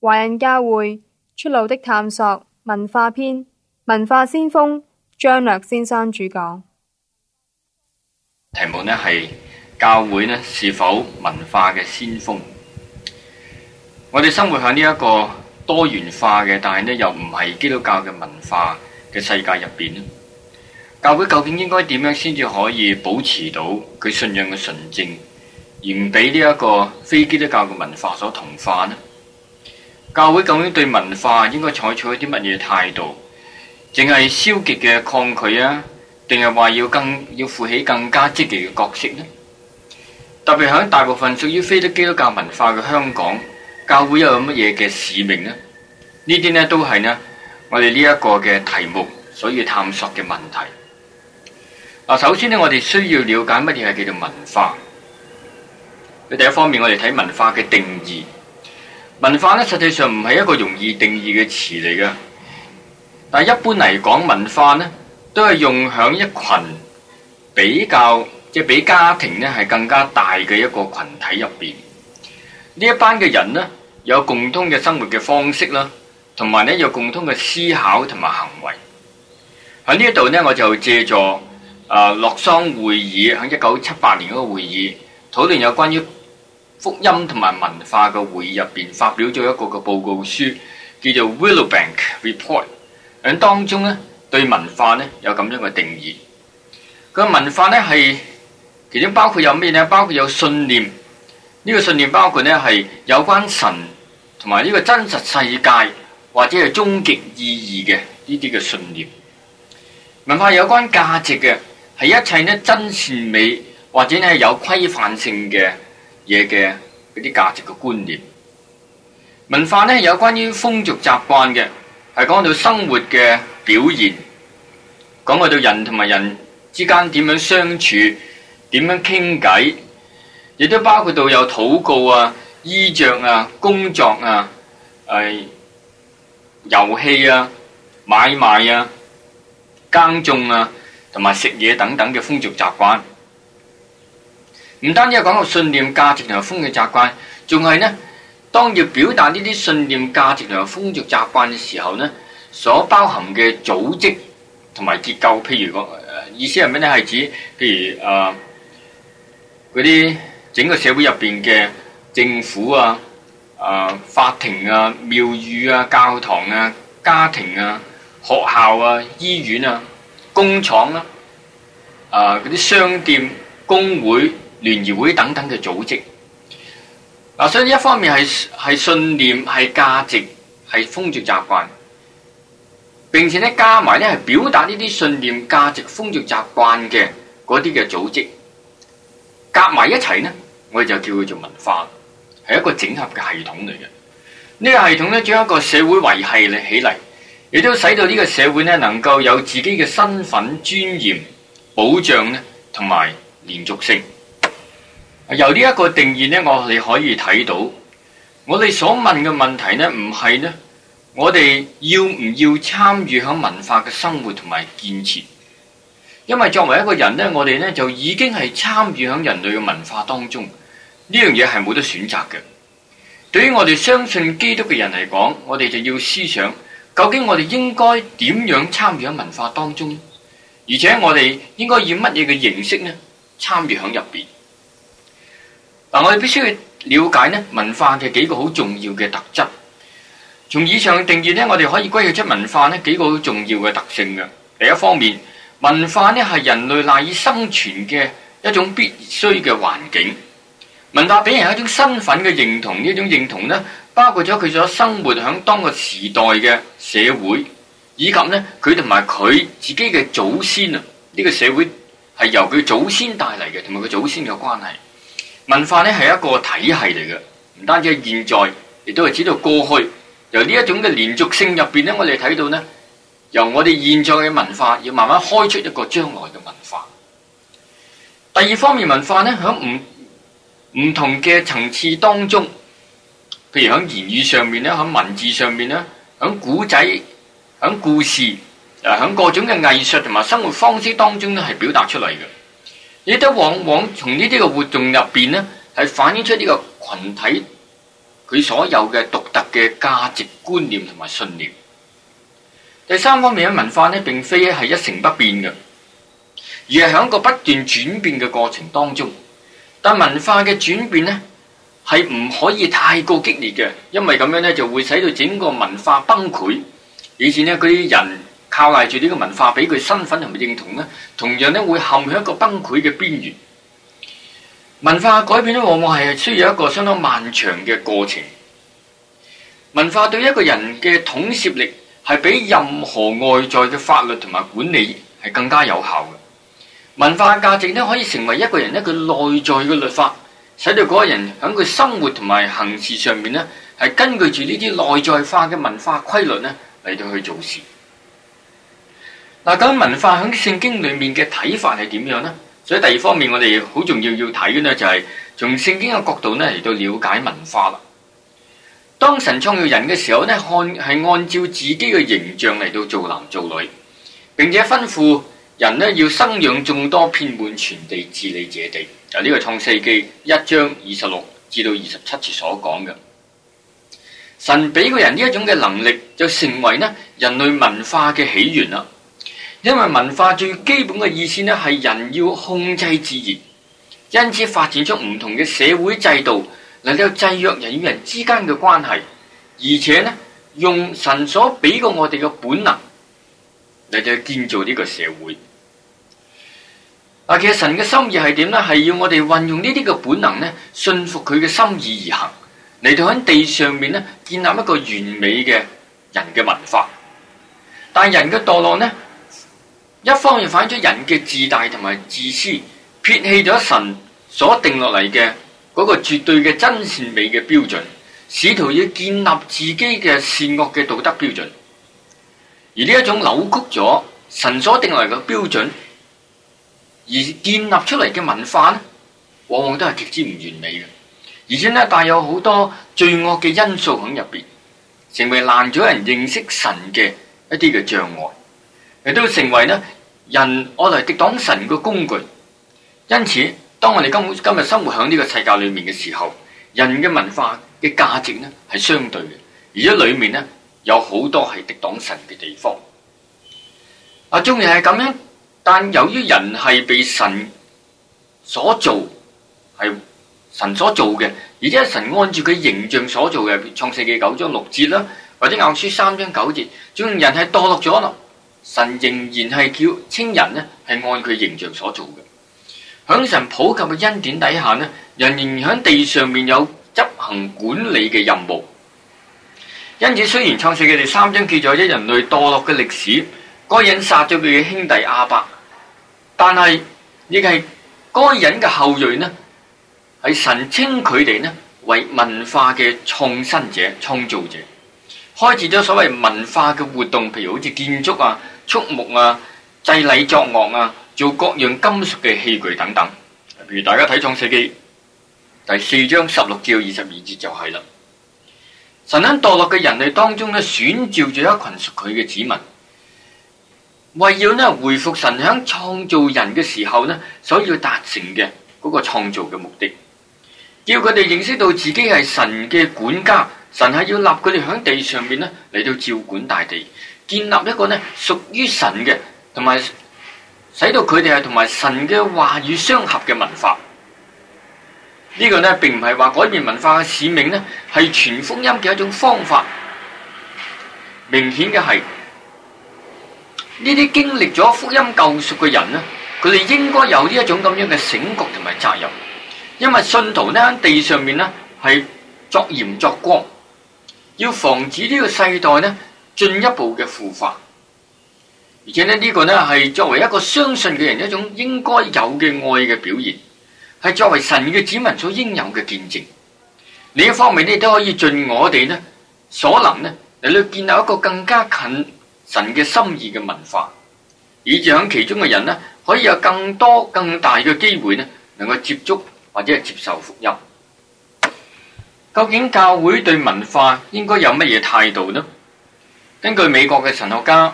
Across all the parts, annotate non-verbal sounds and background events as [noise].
華人教會出路的探索文化篇，文化先鋒張略先生主講。題目呢係教會呢是否文化嘅先鋒？我哋生活喺呢一個多元化嘅，但係呢又唔係基督教嘅文化嘅世界入邊。教會究竟應該點樣先至可以保持到佢信仰嘅純正，而唔俾呢一個非基督教嘅文化所同化呢？教會究竟對文化應該採取一啲乜嘢態度？淨係消極嘅抗拒啊，定係話要更要負起更加積極嘅角色呢？特別喺大部分屬於非基督教文化嘅香港，教會又有乜嘢嘅使命呢？呢啲咧都係咧我哋呢一個嘅題目，所要探索嘅問題。嗱，首先咧，我哋需要了解乜嘢係叫做文化？喺第一方面，我哋睇文化嘅定義。文化咧，實際上唔係一個容易定義嘅詞嚟嘅。但係一般嚟講，文化咧都係用響一群比較，即係比家庭咧係更加大嘅一個群體入邊。呢一班嘅人咧有共通嘅生活嘅方式啦，同埋咧有共通嘅思考同埋行為。喺呢一度咧，我就借助誒洛桑會議喺一九七八年嗰個會議討論有關於福音同埋文化嘅會議入邊發表咗一個嘅報告書，叫做 Willowbank Report。響當中咧，對文化咧有咁樣嘅定義。個文化咧係其中包括有咩咧？包括有信念。呢個信念包括咧係有關神同埋呢個真實世界或者係終極意義嘅呢啲嘅信念。文化有關價值嘅係一切呢真善美或者呢有規範性嘅。嘢嘅嗰啲價值嘅觀念，文化咧有關於風俗習慣嘅，係講到生活嘅表現，講到人同埋人之間點樣相處，點樣傾偈，亦都包括到有禱告啊、衣着啊、工作啊、誒、哎、遊戲啊、買賣啊、耕種啊，同埋食嘢等等嘅風俗習慣，唔單止係講到信念、價值同埋風俗習慣，仲係呢，當要表達呢啲信念、價值同埋風俗習慣嘅時候呢，所包含嘅組織同埋結構，譬如講，意思係咩呢？係指譬如啊，嗰、呃、啲整個社會入邊嘅政府啊、啊、呃、法庭啊、廟宇啊、教堂啊、家庭啊、學校啊、醫院啊、工廠啊、嗰啲、呃、商店、工會、聯誼會等等嘅組織，嗱，所以一方面係係信念、係價值、係風俗習慣，並且咧加埋咧係表達呢啲信念、價值、風俗習慣嘅嗰啲嘅組織，夾埋一齊呢，我哋就叫佢做文化，係一個整合嘅系統嚟嘅。呢個系統咧將一個社會維繫起嚟，亦都使到呢個社會咧能夠有自己嘅身份尊嚴保障咧，同埋連續性。由呢一個定義咧，我哋可以睇到，我哋所問嘅問題咧，唔係呢我哋要唔要參與響文化嘅生活同埋建設？因為作為一個人咧，我哋咧就已經係參與響人類嘅文化當中，呢樣嘢係冇得選擇嘅。對於我哋相信基督嘅人嚟講，我哋就要思想，究竟我哋應該點樣參與喺文化當中？而且我哋應該以乜嘢嘅形式呢參與響入邊？嗱，我哋必須要了解文化嘅幾個好重要嘅特質。從以上嘅定義咧，我哋可以歸納出文化呢幾個好重要嘅特性嘅。第一方面，文化咧係人類賴以生存嘅一種必須嘅環境。文化俾人一種身份嘅認同，呢一種認同咧，包括咗佢所生活響當個時代嘅社會，以及咧佢同埋佢自己嘅祖先啊。呢個社會係由佢祖先帶嚟嘅，同埋佢祖先嘅關係。文化咧係一個體系嚟嘅，唔單止係現在，亦都係指到過去。由呢一種嘅連續性入邊咧，我哋睇到咧，由我哋現在嘅文化，要慢慢開出一個將來嘅文化。第二方面，文化咧響唔唔同嘅層次當中，譬如響言語上面咧，響文字上面咧，響古仔，響故事啊，響各種嘅藝術同埋生活方式當中咧，係表達出嚟嘅。亦都往往從呢啲嘅活動入邊咧，係反映出呢個群體佢所有嘅獨特嘅價值觀念同埋信念。第三方面嘅文化咧，並非係一成不變嘅，而係響一個不斷轉變嘅過程當中。但文化嘅轉變咧，係唔可以太過激烈嘅，因為咁樣咧就會使到整個文化崩潰。以前咧嗰啲人。靠賴住呢個文化俾佢身份同埋認同呢，同樣呢，會陷喺一個崩潰嘅邊緣。文化改變呢，往往係需要一個相當漫長嘅過程。文化對一個人嘅統攝力係比任何外在嘅法律同埋管理係更加有效嘅。文化價值呢，可以成為一個人一個內在嘅律法，使到嗰個人喺佢生活同埋行事上面呢係根據住呢啲內在化嘅文化規律呢嚟,到去做事。嗱，咁文化喺聖經裏面嘅睇法係點樣呢？所以第二方面我哋好重要要睇嘅呢，就係從聖經嘅角度呢嚟到了解文化啦。當神創造人嘅時候呢，看係按照自己嘅形象嚟到做男做女，並且吩咐人呢要生養眾多，遍滿全地治理這地。就呢個創世記一章二十六至到二十七節所講嘅，神俾個人呢一種嘅能力，就成為呢人類文化嘅起源啦。因為文化最基本嘅意思咧，係人要控制自然，因此發展出唔同嘅社會制度，嚟到制約人與人之間嘅關係，而且咧用神所俾過我哋嘅本能嚟到建造呢個社會。啊，其實神嘅心意係點呢？係要我哋運用呢啲嘅本能呢，信服佢嘅心意而行，嚟到喺地上面呢，建立一個完美嘅人嘅文化。但人嘅墮落呢。一方面反映咗人嘅自大同埋自私，撇棄咗神所定落嚟嘅嗰個絕對嘅真善美嘅標準，試圖要建立自己嘅善惡嘅道德標準，而呢一種扭曲咗神所定落嚟嘅標準而建立出嚟嘅文化呢，往往都係極之唔完美嘅，而且呢帶有好多罪惡嘅因素喺入邊，成為攔阻人認識神嘅一啲嘅障礙。亦都會成為咧人，愛嚟抵擋神嘅工具。因此，當我哋今今日生活喺呢個世界裏面嘅時候，人嘅文化嘅價值咧係相對嘅，而且裏面咧有好多係抵擋神嘅地方。啊，總之係咁樣，但由於人係被神所做，係神所做嘅，而且神按照佢形象所做嘅，創世記九章六節啦，或者舊書三章九節，總之人係墮落咗咯。神仍然係叫清人呢係按佢形象所做嘅。喺神普及嘅恩典底下呢，人仍然喺地上面有執行管理嘅任務。因此，雖然創世記第三章記載咗人類墮落嘅歷史，該人殺咗佢嘅兄弟亞伯，但係亦係該人嘅後裔呢，係神稱佢哋呢為文化嘅創新者、創造者，開始咗所謂文化嘅活動，譬如好似建築啊。畜牧啊，祭禮作樂啊，做各樣金屬嘅器具等等，譬如大家睇創世記第四章十六至二十二節就係啦。神喺墮落嘅人類當中咧，選召住一群屬佢嘅子民，為要呢回復神喺創造人嘅時候呢，所要達成嘅嗰個創造嘅目的，叫佢哋認識到自己係神嘅管家，神係要立佢哋喺地上面呢嚟到照管大地。建立一個咧屬於神嘅，同埋使到佢哋係同埋神嘅話語相合嘅文化。呢、呢個咧並唔係話改變文化嘅使命咧，係傳福音嘅一種方法。明顯嘅係呢啲經歷咗福音救贖嘅人咧，佢哋應該有呢一種咁樣嘅醒覺同埋責任。因為信徒咧喺地上面咧係作鹽作光，要防止呢個世代咧。進一步嘅腐化，而且呢個呢係作為一個相信嘅人一種應該有嘅愛嘅表現，係作為神嘅子民所應有嘅見證。呢一方面你都可以盡我哋呢所能咧嚟，去建立一個更加近神嘅心意嘅文化，以至喺其中嘅人呢可以有更多更大嘅機會呢能夠接觸或者係接受福音。究竟教會對文化應該有乜嘢態度呢？根據美國嘅神學家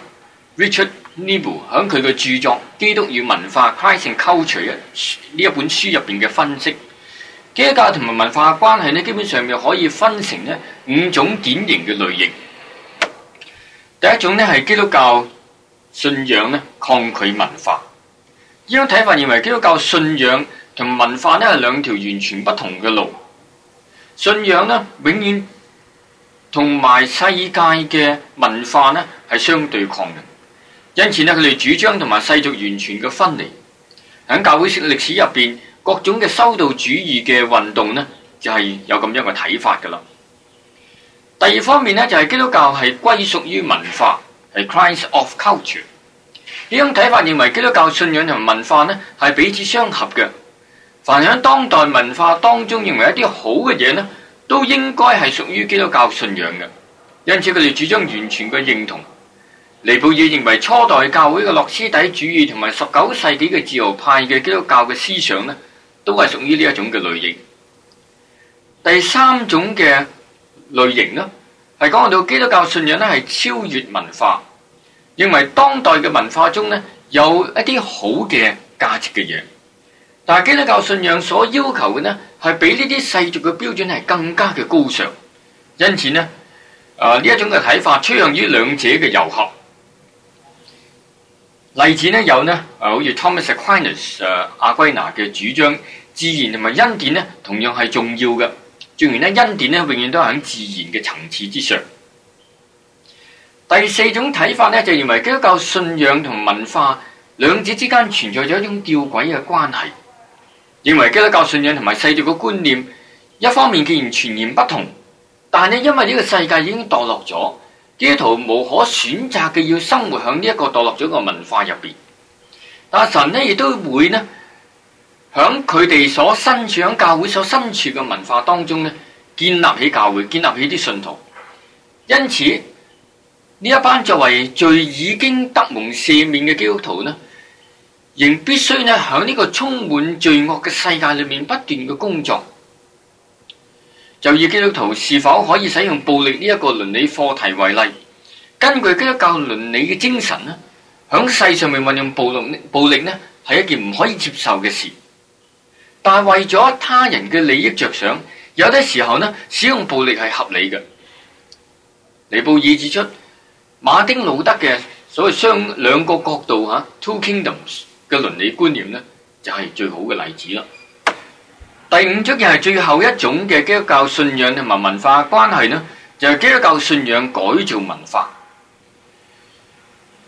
Richard Niebuhr 喺佢嘅著作《基督與文化 Christ and Culture》一呢一本書入邊嘅分析，基督教同埋文化嘅關係基本上就可以分成咧五種典型嘅類型。第一種咧係基督教信仰咧抗拒文化，呢種睇法認為基督教信仰同文化咧係兩條完全不同嘅路，信仰咧永遠，同埋世界嘅文化呢，係相對抗嘅，因此呢，佢哋主張同埋世俗完全嘅分離。響教會史歷史入邊，各種嘅修道主義嘅運動呢，就係有咁樣嘅睇法噶啦。第二方面呢，就係基督教係歸屬於文化，係 Christ of Culture。呢種睇法認為基督教信仰同文化呢，係彼此相合嘅。凡喺當代文化當中認為一啲好嘅嘢呢，都應該係屬於基督教信仰嘅，因此佢哋主張完全嘅認同。尼布爾認為初代教會嘅諾斯底主義同埋十九世紀嘅自由派嘅基督教嘅思想咧，都係屬於呢一種嘅類型。第三種嘅類型呢，係講到基督教信仰咧係超越文化，認為當代嘅文化中咧有一啲好嘅價值嘅嘢，但係基督教信仰所要求嘅呢，係比呢啲世俗嘅標準係更加嘅高尚，因此呢，啊呢一種嘅睇法趨向於兩者嘅融合。例子呢有呢，啊好似 Thomas Aquinas 啊阿奎那嘅主張，自然同埋恩典呢，同樣係重要嘅。仲然呢，恩典呢永遠都喺自然嘅層次之上。第四種睇法呢，就認為基督教信仰同文化兩者之間存在咗一種吊詭嘅關係。認為基督教信仰同埋世俗嘅觀念，一方面既然全然不同，但係呢因為呢個世界已經墮落咗，基督徒無可選擇嘅要生活喺呢一個墮落咗嘅文化入邊。但神呢亦都會呢，喺佢哋所身處喺教會所身處嘅文化當中呢，建立起教會，建立起啲信徒。因此，呢一班作為最已經得蒙赦免嘅基督徒呢。仍必須呢喺呢個充滿罪惡嘅世界裏面不斷嘅工作。就以基督徒是否可以使用暴力呢一個倫理課題為例，根據基督教倫理嘅精神呢，喺世上面運用暴力暴力，呢係一件唔可以接受嘅事。但係為咗他人嘅利益着想，有啲時候呢使用暴力係合理嘅。尼布爾指出，馬丁路德嘅所謂雙兩個角度吓 Two Kingdoms。嘅倫理觀念咧，就係最好嘅例子啦。第五種嘅係最後一種嘅基督教信仰同埋文化關係呢，就係基督教信仰改造文化。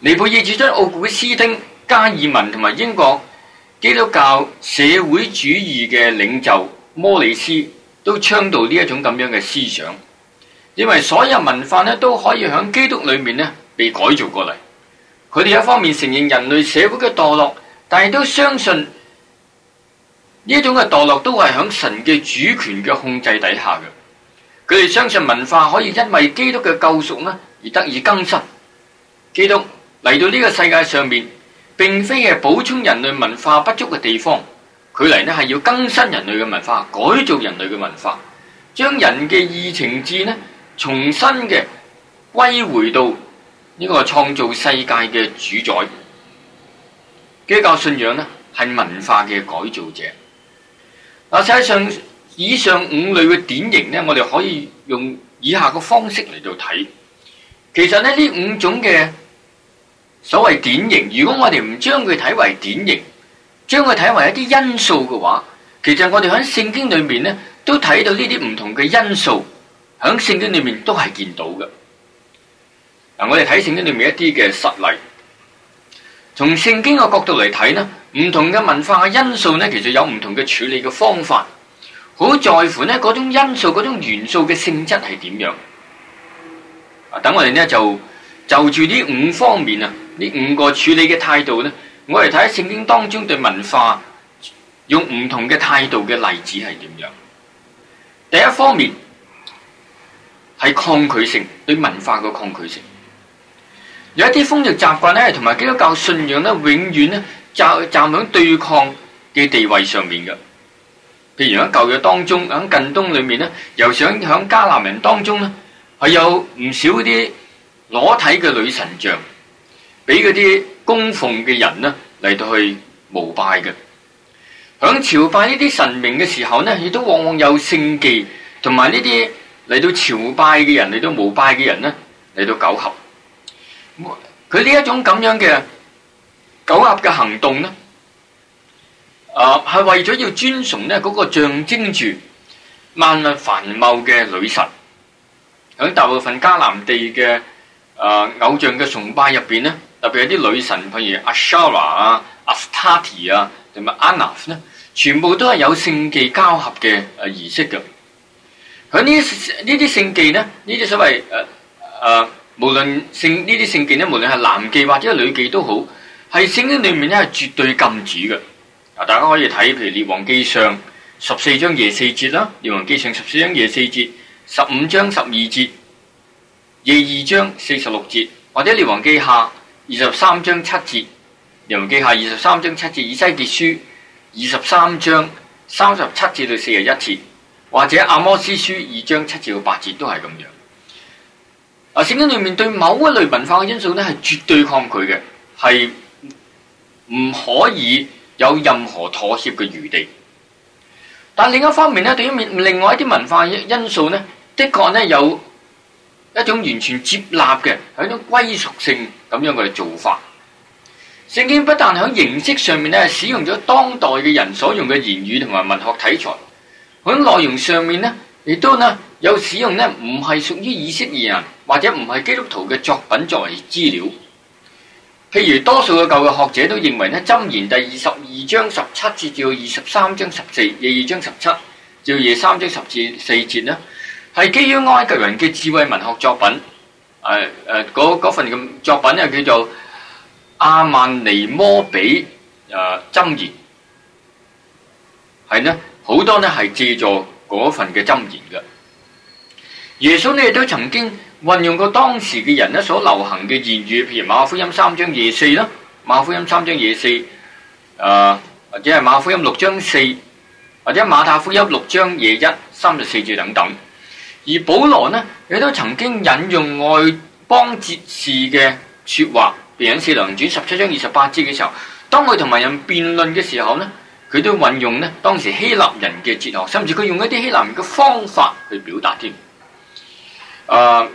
尼布爾主張，奧古斯丁、加爾文同埋英國基督教社會主義嘅領袖摩里斯都倡導呢一種咁樣嘅思想。因為所有文化咧都可以喺基督裏面咧被改造過嚟。佢哋一方面承認人類社會嘅墮落。但係都相信呢種嘅墮落都係響神嘅主權嘅控制底下嘅。佢哋相信文化可以因為基督嘅救贖呢而得以更新。基督嚟到呢個世界上面，並非係補充人類文化不足嘅地方，佢嚟呢係要更新人類嘅文化，改造人類嘅文化，將人嘅意情志呢重新嘅歸回到呢個創造世界嘅主宰。基督教信仰咧係文化嘅改造者。嗱，實際上以上五類嘅典型咧，我哋可以用以下嘅方式嚟到睇。其實咧呢五種嘅所謂典型，如果我哋唔將佢睇為典型，將佢睇為一啲因素嘅話，其實我哋喺聖經裏面咧都睇到呢啲唔同嘅因素喺聖經裏面都係見到嘅。嗱，我哋睇聖經裏面一啲嘅實例。從聖經嘅角度嚟睇咧，唔同嘅文化嘅因素咧，其實有唔同嘅處理嘅方法，好在乎咧嗰種因素，嗰種元素嘅性質係點樣。啊，等我哋咧就就住呢五方面啊，呢五個處理嘅態度咧，我嚟睇喺聖經當中對文化用唔同嘅態度嘅例子係點樣。第一方面係抗拒性，對文化嘅抗拒性。有一啲風俗習慣咧，同埋基督教信仰咧，永遠咧站站喺對抗嘅地位上面嘅。譬如喺舊約當中，喺近東裏面咧，又想喺迦南人當中咧，係有唔少啲裸體嘅女神像，俾嗰啲供奉嘅人咧嚟到去膜拜嘅。喺朝拜呢啲神明嘅時候咧，亦都往往有聖妓，同埋呢啲嚟到朝拜嘅人，嚟到膜拜嘅人咧嚟到苟合。佢呢一種咁樣嘅苟合嘅行動咧，啊、呃，係為咗要尊崇咧嗰，那個象徵住萬物繁茂嘅女神。喺大部分迦南地嘅啊、呃、偶像嘅崇拜入邊咧，特別係啲女神，譬如阿莎拉啊、阿斯塔蒂啊同埋安娜呢，全部都係有聖妓交合嘅啊儀式嘅。喺呢呢啲聖妓咧，呢啲所謂啊啊～、呃呃無論聖呢啲聖妓咧，無論係男妓或者女妓都好，喺聖經裏面咧係絕對禁止嘅。啊，大家可以睇譬如列王記上十四章廿四節啦，列王記上十四章廿四節，十五章十二節，節，廿二章四十六節，或者列王記下二十三章七節，列王記下二十三章七節，節，以西結書二十三章三十七節到四十一節，或者阿摩司書二章七節到八節都係咁樣。啊！聖經裏面對某一類文化嘅因素咧，係絕對抗拒嘅，係唔可以有任何妥協嘅餘地。但另一方面咧，對於面另外一啲文化因素咧，的確咧有一種完全接納嘅，係一種歸屬性咁樣嘅做法。聖經不但喺形式上面咧，使用咗當代嘅人所用嘅言語同埋文學體裁，喺內容上面咧，亦都呢有使用呢唔係屬於以色列人或者唔係基督徒嘅作品作為資料，譬如多數嘅舊嘅學者都認為呢《箴言》第二十二章十七至二十三章十四，二十二章十七至二十三章十四、廿二章十七至廿三章十四四節呢，係基於埃及人嘅智慧文學作品，誒誒，嗰份嘅作品又叫做《阿曼尼摩比》誒《箴言》，係呢好多呢係借助。嗰份嘅箴言嘅耶穌呢亦都曾經運用過當時嘅人呢所流行嘅言語，譬如馬福音三章廿四啦，馬福音三章廿四，啊、呃、或者係馬福音六章四，或者馬太福音六章廿一三十四字等等。而保羅呢，佢都曾經引用外邦哲士嘅說話，比如使徒行傳十七章二十八節嘅時候，當佢同埋人辯論嘅時候呢，佢都運用咧當時希臘人嘅哲學，甚至佢用一啲希臘人嘅方法去表達添、啊。誒，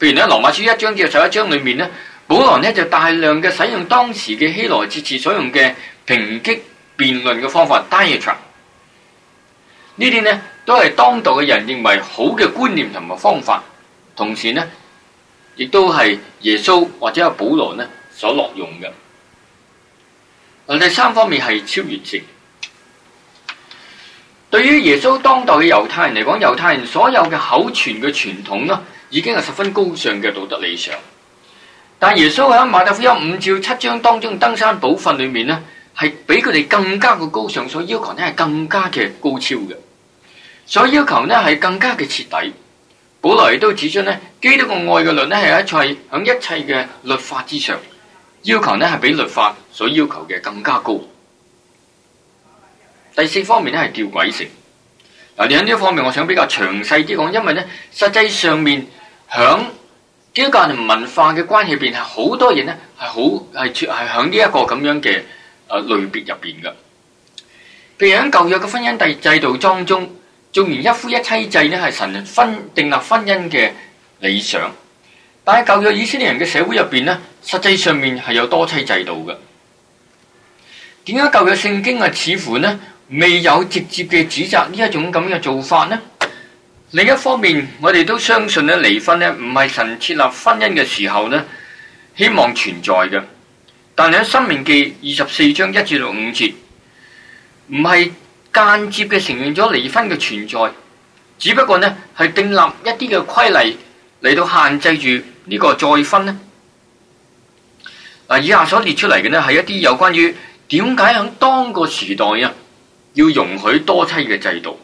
譬如咧羅馬書一章至十一章裏面保羅呢，保羅呢就大量嘅使用當時嘅希臘哲學所用嘅評擊辯論嘅方法。Diatra，這些呢啲呢都係當代嘅人認為好嘅觀念同埋方法，同時呢亦都係耶穌或者係保羅呢所落用嘅。第三方面係超越性。對於耶穌當代嘅猶太人嚟講，猶太人所有嘅口傳嘅傳統已經係十分高尚嘅道德理想。但耶穌喺馬太福音五至七章當中登山寶訓裏面咧，係比佢哋更加嘅高尚，所要求呢係更加嘅高超嘅。所要求呢係更加嘅徹底。保羅亦都指出基督嘅愛嘅律咧係一切響一切嘅律法之上，要求呢係比律法所要求嘅更加高。第四方面咧係吊詭性。嗱，你喺呢一方面，我想比較詳細啲講，因為咧實際上面響基督教文化嘅關係入邊係好多嘢咧，係好係係響呢一個咁樣嘅誒、呃、類別入邊噶譬如喺舊約嘅婚姻制制度當中，縱然一夫一妻制呢係神婚訂立婚姻嘅理想，但係舊約以色列人嘅社會入邊呢，實際上面係有多妻制度嘅。點解舊約聖經啊，似乎呢？未有直接嘅指責呢一種咁樣嘅做法呢？另一方面，我哋都相信咧離婚咧唔係神設立婚姻嘅時候咧希望存在嘅。但係喺《申命記》二十四章一至六五節，唔係間接嘅承認咗離婚嘅存在，只不過呢係訂立一啲嘅規例嚟到限制住呢個再婚呢。以下所列出嚟嘅呢，係一啲有關於點解喺當個時代啊？要容許多妻嘅制度。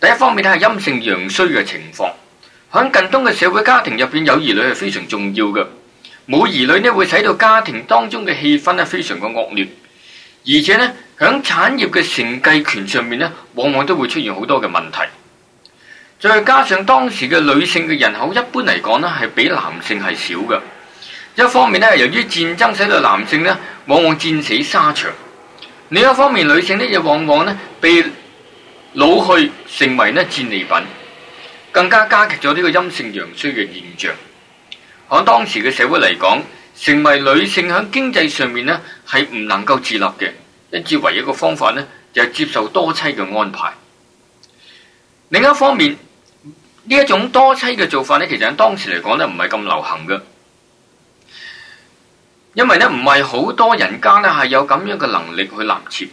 第一方面咧係陰盛陽衰嘅情況，喺近東嘅社會家庭入邊有兒女係非常重要嘅，冇兒女咧會使到家庭當中嘅氣氛呢非常嘅惡劣，而且呢，喺產業嘅承繼權上面呢，往往都會出現好多嘅問題。再加上當時嘅女性嘅人口一般嚟講呢係比男性係少嘅，一方面呢，由於戰爭使到男性呢往往戰死沙場。另一方面，女性呢亦往往呢被老去，成為戰利品，更加加劇咗呢個陰盛陽衰嘅現象。喺當時嘅社會嚟講，成為女性喺經濟上面呢係唔能夠自立嘅，因此唯一嘅方法呢就係接受多妻嘅安排。另一方面，呢一種多妻嘅做法呢，其實喺當時嚟講呢唔係咁流行嘅。因為咧唔係好多人家咧係有咁樣嘅能力去納妾，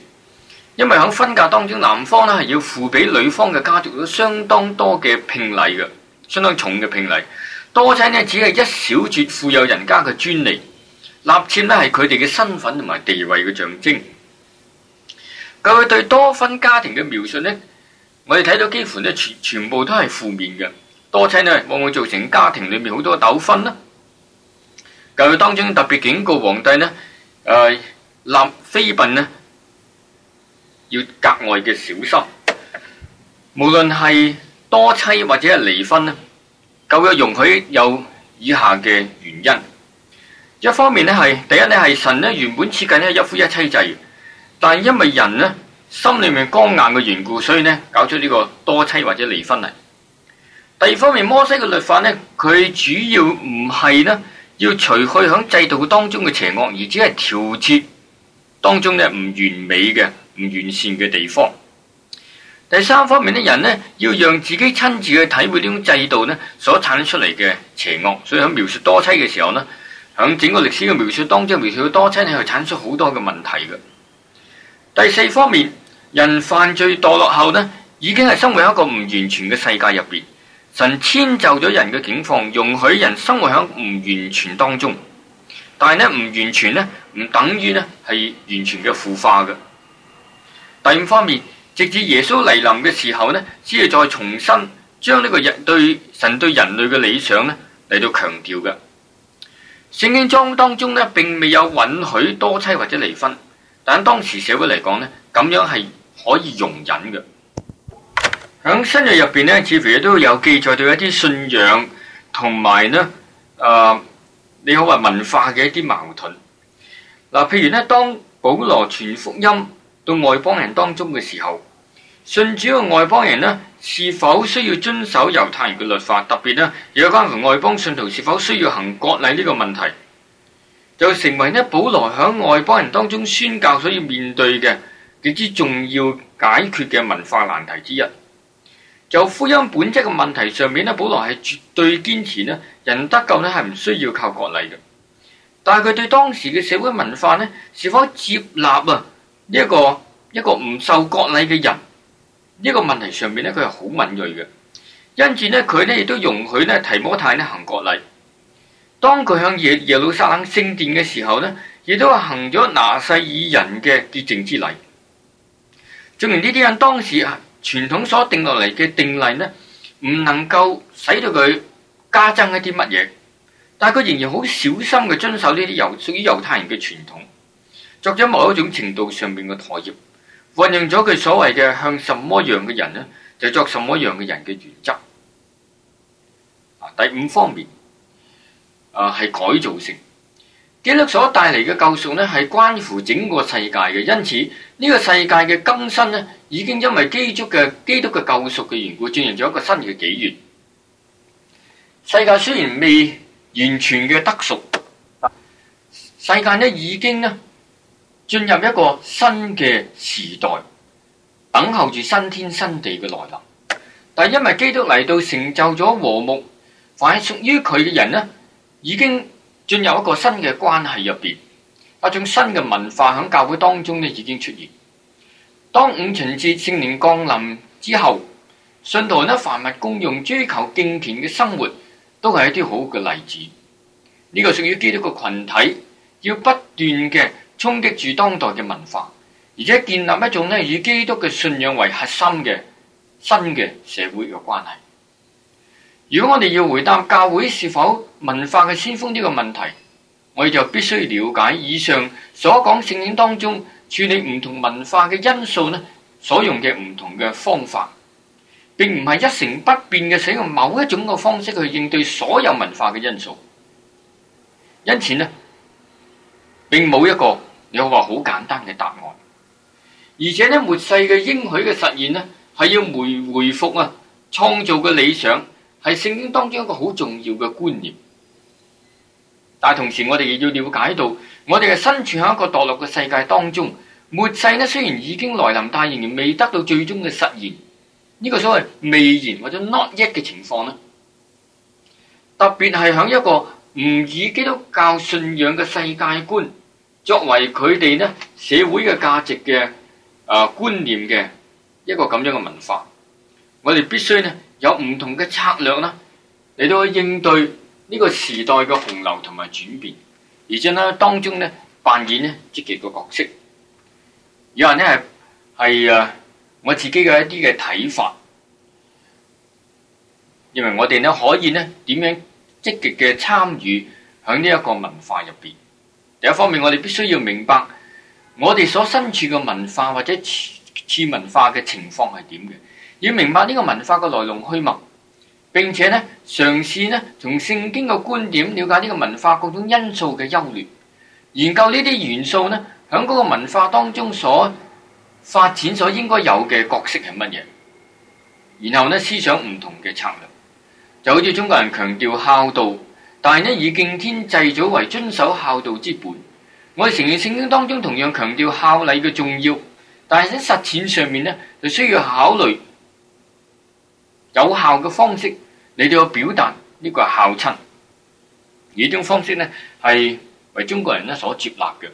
因為喺婚嫁當中，男方咧係要付俾女方嘅家族相當多嘅聘禮嘅，相當重嘅聘禮。多妻呢，只係一小撮富有人家嘅專利，納妾呢係佢哋嘅身份同埋地位嘅象徵。佢對多婚家庭嘅描述呢，我哋睇到幾乎呢全全部都係負面嘅。多妻呢，往往造成家庭裏面好多糾紛啦。教約當中特別警告皇帝呢，誒立妃嬪呢，要格外嘅小心。無論係多妻或者係離婚呢，教約容許有以下嘅原因。一方面呢係第一呢係神呢原本設計呢一夫一妻制，但係因為人呢心裏面剛硬嘅緣故，所以呢搞出呢個多妻或者離婚嚟。第二方面，摩西嘅律法呢，佢主要唔係呢。要除去響制度當中嘅邪惡，而只係調節當中咧唔完美嘅、唔完善嘅地方。第三方面，啲人呢，要讓自己親自去體會呢種制度呢所產出嚟嘅邪惡。所以喺描述多妻嘅時候呢，喺整個歷史嘅描述當中，描述多妻係產出好多嘅問題嘅。第四方面，人犯罪墮落後呢，已經係生活喺一個唔完全嘅世界入邊。神遷就咗人嘅境況，容許人生活喺唔完全當中，但係呢唔完全呢，唔等於呢係完全嘅腐化嘅。第五方面，直至耶穌嚟臨嘅時候呢，先至再重新將呢個人對神對人類嘅理想呢嚟到強調嘅。聖經章當中呢，並未有允許多妻或者離婚，但係當時社會嚟講呢，咁樣係可以容忍嘅。響新約入邊咧，似乎亦都有記載到一啲信仰同埋呢，誒、呃，你好話文化嘅一啲矛盾。嗱，譬如呢，當保羅傳福音到外邦人當中嘅時候，信主嘅外邦人呢，是否需要遵守猶太人嘅律法？特別呢，有關乎外邦信徒是否需要行割禮呢個問題，就成為呢保羅響外邦人當中宣教所要面對嘅極之重要解決嘅文化難題之一。就福音本質嘅問題上面咧，保羅係絕對堅持咧，人得救咧係唔需要靠國禮嘅。但係佢對當時嘅社會文化咧，是否接納啊一個一個唔受國禮嘅人呢個問題上面咧，佢係好敏銳嘅。因此咧，佢咧亦都容許咧提摩太咧行國禮。當佢向耶耶路撒冷聖殿嘅時候咧，亦都行咗拿細耳人嘅潔淨之禮。證明呢啲人當時係。傳統所定落嚟嘅定例呢，唔能夠使到佢加增一啲乜嘢，但係佢仍然好小心嘅遵守呢啲猶屬於猶太人嘅傳統，作咗某一種程度上面嘅妥協，運用咗佢所謂嘅向什麼樣嘅人呢，就作什麼樣嘅人嘅原則。啊，第五方面，啊、呃、係改造性。基督所帶嚟嘅救贖呢，係關乎整個世界嘅，因此呢，呢個世界嘅更新呢，已經因為基督嘅基督嘅救贖嘅緣故，進入咗一個新嘅紀元。世界雖然未完全嘅得贖，世界呢已經呢進入一個新嘅時代，等候住新天新地嘅來臨。但因為基督嚟到成就咗和睦，凡屬於佢嘅人呢，已經。進入一個新嘅關係入邊，一種新嘅文化喺教會當中已經出現。當五旬節聖靈降臨之後，信徒呢凡物公用、追求敬虔嘅生活，都係一啲好嘅例子。呢、這個屬於基督嘅群體，要不斷嘅衝擊住當代嘅文化，而且建立一種呢以基督嘅信仰為核心嘅新嘅社會嘅關係。如果我哋要回答教會是否文化嘅先鋒呢個問題，我哋就必須了解以上所講聖經當中處理唔同文化嘅因素呢，所用嘅唔同嘅方法，並唔係一成不變嘅使用某一種嘅方式去應對所有文化嘅因素。因此呢，並冇一個有話好說很簡單嘅答案。而且呢，末世嘅應許嘅實現呢，係要回回復啊，創造嘅理想。係聖經當中一個好重要嘅觀念，但係同時我哋亦要了解到，我哋嘅身處喺一個墮落嘅世界當中，末世咧雖然已經來臨，但係仍然未得到最終嘅實現。呢個所謂未然或者 not yet 嘅情況咧，特別係喺一個唔以基督教信仰嘅世界觀作為佢哋咧社會嘅價值嘅誒觀念嘅一個咁樣嘅文化，我哋必須咧，有唔同嘅策略啦，嚟到去應對呢個時代嘅洪流同埋轉變，而且呢，當中咧扮演呢積極嘅角色。有人呢係係誒，我自己嘅一啲嘅睇法，認為我哋呢可以呢點樣積極嘅參與喺呢一個文化入邊。第一方面，我哋必須要明白我哋所身處嘅文化或者次文化嘅情況係點嘅。要明白呢個文化嘅來龍去脈，並且呢，嘗試呢，從聖經嘅觀點了解呢個文化各種因素嘅優劣，研究呢啲元素呢，喺嗰個文化當中所發展所應該有嘅角色係乜嘢，然後呢，思想唔同嘅策略，就好似中國人強調孝道，但係呢，以敬天祭祖為遵守孝道之本。我哋承認聖經當中同樣強調孝禮嘅重要，但係喺實踐上面呢，就需要考慮。有效嘅方式，你哋要表達呢、這個是孝親，呢種方式呢，係為中國人所接納嘅。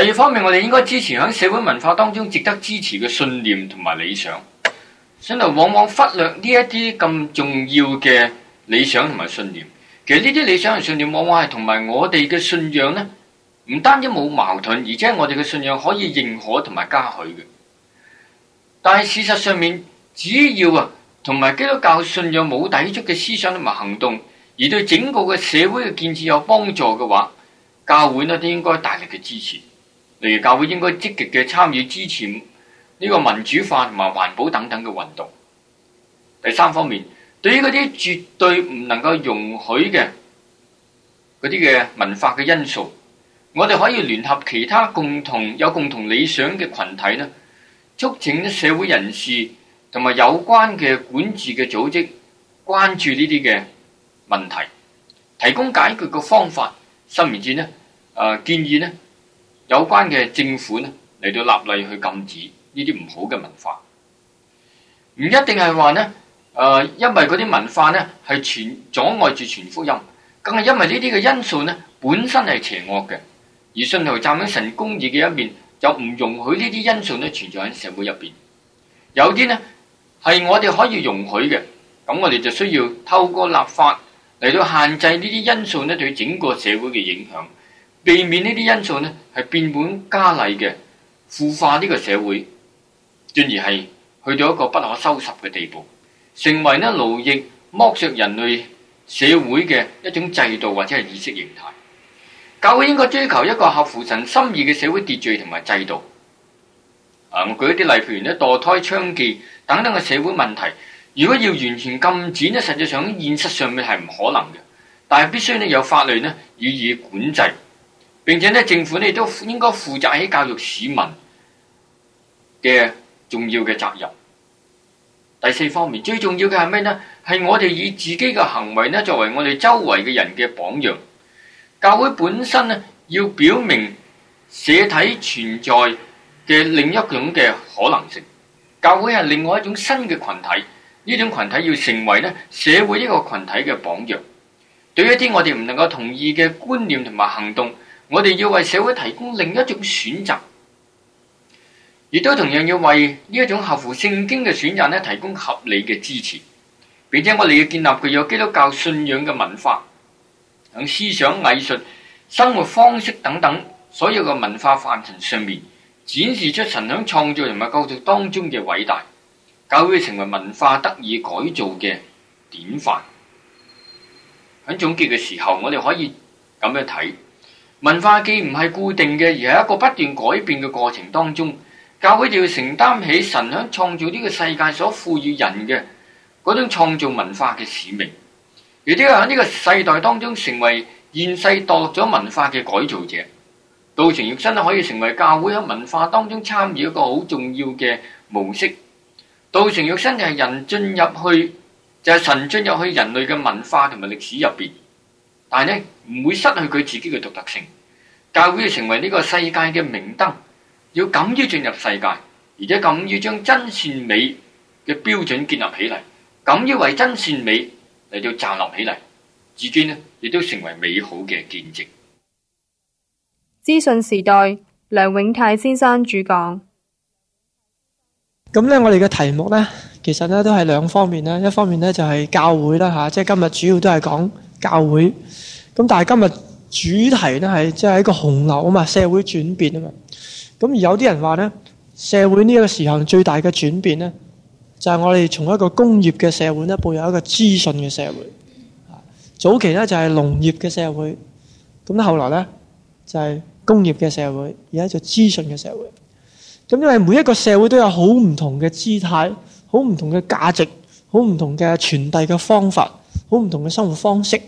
第二方面，我哋應該支持喺社會文化當中值得支持嘅信念同埋理想。信徒往往忽略呢一啲咁重要嘅理想同埋信念。其實呢啲理想同信念往往係同埋我哋嘅信仰呢，唔單止冇矛盾，而且我哋嘅信仰可以認可同埋嘉許嘅。但係事實上面，只要啊，同埋基督教信仰冇抵觸嘅思想同埋行動，而對整個嘅社會嘅建設有幫助嘅話，教會呢都應該大力嘅支持。例如教會應該積極嘅參與支持呢個民主化同埋環保等等嘅運動。第三方面，對於嗰啲絕對唔能夠容許嘅嗰啲嘅文化嘅因素，我哋可以聯合其他共同有共同理想嘅群體呢，促請社會人士。同埋有關嘅管治嘅組織關注呢啲嘅問題，提供解決嘅方法。甚至呢，呃、建議呢，有關嘅政府呢嚟到立例去禁止呢啲唔好嘅文化。唔一定係話呢，誒、呃，因為嗰啲文化呢係阻礙住傳福音，更係因為呢啲嘅因素呢本身係邪惡嘅，而信徒站喺神公義嘅一面，就唔容許呢啲因素呢存在喺社會入邊。有啲呢。係我哋可以容許嘅，咁我哋就需要透過立法嚟到，限制呢啲因素咧，對整個社會嘅影響，避免呢啲因素咧，係變本加厲嘅腐化呢個社會，進而係去到一個不可收拾嘅地步，成為呢奴役剝削人類社會嘅一種制度或者係意識形態。教會應該追求一個合乎神心意嘅社會秩序同埋制度。啊，我舉一啲例譬如咧，墮胎、娼妓，等等嘅社會問題，如果要完全禁止呢，實際上喺現實上面係唔可能嘅。但係必須呢，有法律呢予以管制，並且呢，政府呢都應該負責喺教育市民嘅重要嘅責任。第四方面最重要嘅係咩呢？係我哋以自己嘅行為呢，作為我哋周圍嘅人嘅榜樣。教會本身呢，要表明社體存在嘅另一種嘅可能性。教會係另外一種新嘅群體，呢種群體要成為社會一個群體嘅榜樣。對於一啲我哋唔能夠同意嘅觀念同埋行動，我哋要為社會提供另一種選擇，亦都同樣要為呢一種合乎聖經嘅選擇提供合理嘅支持。並且我哋要建立具有基督教信仰嘅文化，響思想、藝術、生活方式等等所有嘅文化範疇上面。展示出神喺創造人物構造當中嘅偉大，教會成為文化得以改造嘅典範。喺總結嘅時候，我哋可以咁樣睇：文化既唔係固定嘅，而係一個不斷改變嘅過程當中，教會就要承擔起神喺創造呢個世界所賦予人嘅嗰種創造文化嘅使命。而呢個喺呢個世代當中，成為現世度咗文化嘅改造者。道成肉身可以成為教會喺文化當中參與一個好重要嘅模式。道成肉身就係人進入去，就係神進入去人類嘅文化同埋歷史入邊，但係咧唔會失去佢自己嘅獨特性。教會要成為呢個世界嘅明燈，要敢於進入世界，而且敢於將真善美嘅標準建立起嚟，敢於為真善美嚟到站立起嚟，自尊呢，亦都成為美好嘅見證。資訊時代，梁永泰先生主講。咁咧，我哋嘅題目咧，其實咧都係兩方面啦。一方面咧就係教會啦吓，即係今日主要都係講教會。咁但係今日主題咧係即係一個洪流啊嘛，社會轉變啊嘛。咁而有啲人話咧，社會呢個時候最大嘅轉變咧，就係我哋從一個工業嘅社會咧，步入一個資訊嘅社會。啊，早期咧就係農業嘅社會，咁後來咧就係。工業嘅社會，而家就資訊嘅社會。咁因為每一個社會都有好唔同嘅姿態，好唔同嘅價值，好唔同嘅傳遞嘅方法，好唔同嘅生活方式。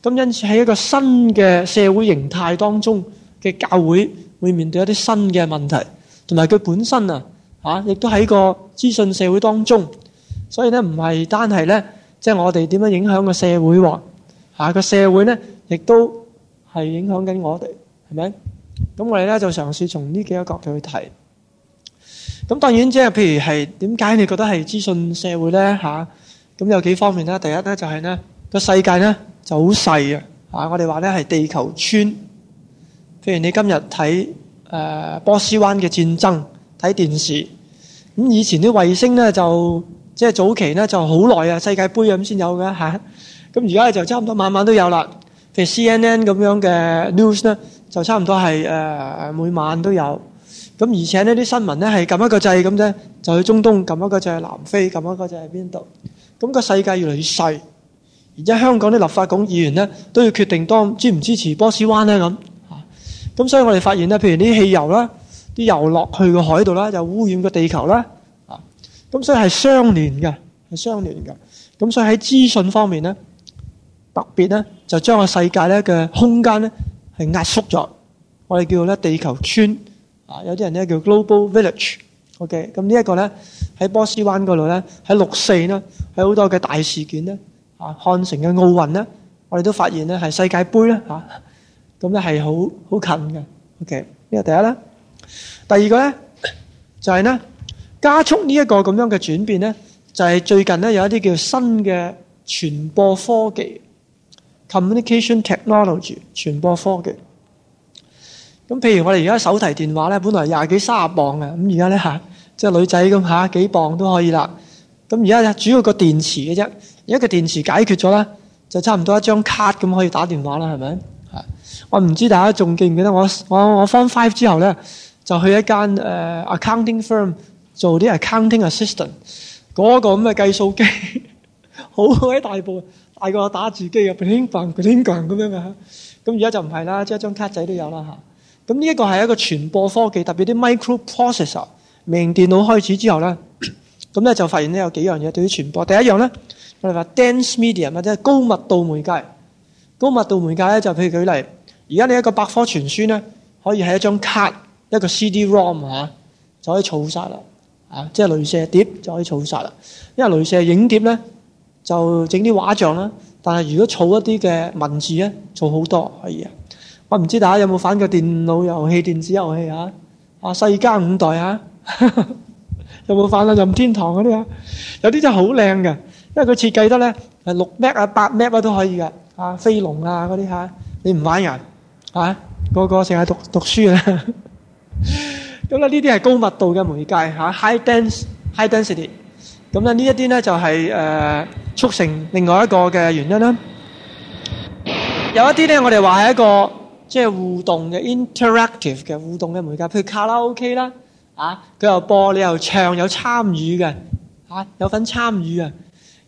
咁因此喺一個新嘅社會形態當中嘅教會，會面對一啲新嘅問題，同埋佢本身啊嚇，亦都喺個資訊社會當中，所以咧唔係單係咧，即係我哋點樣影響個社會喎嚇，個社會咧亦都係影響緊我哋，係咪？咁我哋咧就嘗試從呢幾個角度去睇。咁當然即係譬如係點解你覺得係資訊社會咧嚇？咁有幾方面咧？第一咧就係咧個世界咧就好細啊！嚇，我哋話咧係地球村。譬如你今日睇誒波斯灣嘅戰爭，睇電視。咁以前啲衛星咧就即係早期咧就好耐啊，世界盃咁先有嘅嚇。咁而家就差唔多晚晚都有啦，譬如 CNN 咁樣嘅 news 咧。就差唔多係、呃、每晚都有，咁而且呢啲新聞咧係撳一個掣咁啫，就去中東撳一個掣，南非撳一個掣，喺邊度？咁個世界越嚟越細，而且香港啲立法講議員咧都要決定當支唔支持波斯灣咧咁。咁所以我哋發現咧，譬如啲汽油啦，啲油落去個海度啦，就污染個地球啦。咁所以係相連嘅，係相連嘅。咁所以喺資訊方面咧，特別咧就將個世界咧嘅空間咧。係壓縮咗，我哋叫做咧地球村啊，有啲人咧叫 Global Village。OK，咁呢一個咧喺波斯灣嗰度咧，喺六四咧，喺好多嘅大事件咧，啊，漢城嘅奧運咧，我哋都發現咧係世界盃啦吓，咁咧係好好近嘅。OK，呢個第一啦，第二個咧就係咧加速呢一個咁樣嘅轉變咧，就係最近咧有一啲叫新嘅傳播科技。communication technology 傳播科技，咁譬如我哋而家手提電話咧，本來廿幾三十磅嘅，咁而家咧吓，即係女仔咁吓，幾磅都可以啦。咁而家主要個電池嘅啫，而家個電池解決咗啦，就差唔多一張卡咁可以打電話啦，係咪？我唔知大家仲記唔記得我我我 form five 之後咧，就去一間誒、uh, accounting firm 做啲 accounting assistant，嗰個咁嘅計數機，好 [laughs] 鬼大部。大個打字機咁樣嘅，咁而家就唔係啦，即係張卡仔都有啦嚇。咁呢一個係一個傳播科技，特別啲 microprocessor 明電腦開始之後咧，咁咧就發現呢有幾樣嘢對於傳播。第一樣咧，我哋話 dense medium 或者係高密度媒介，高密度媒介咧就譬如舉例，而家你一個百科全書咧，可以係一張卡，一個 CD-ROM 嚇，就可以儲曬啦。啊，即係雷射碟就可以儲曬啦，因為雷射影碟咧。就整啲畫像啦，但係如果儲一啲嘅文字咧，儲好多可以啊！我唔知大家有冇反過電腦遊戲、電子遊戲啊？啊，世嘉五代啊， [laughs] 有冇反過任天堂嗰啲啊？有啲真係好靚㗎！因為佢設計得咧係六 m 啊、八 m 都可以㗎，啊，飛龍啊嗰啲啊，你唔玩人嚇、啊，個個成日讀讀書啦。咁咧呢啲係高密度嘅媒介嚇，high dense high density。咁咧呢一啲咧就係、是、誒、呃、促成另外一個嘅原因啦。有一啲咧我哋話係一個即係、就是、互動嘅 interactive 嘅互動嘅媒介，譬如卡拉 OK 啦，啊佢又播你又唱有參與嘅、啊，有份參與嘅。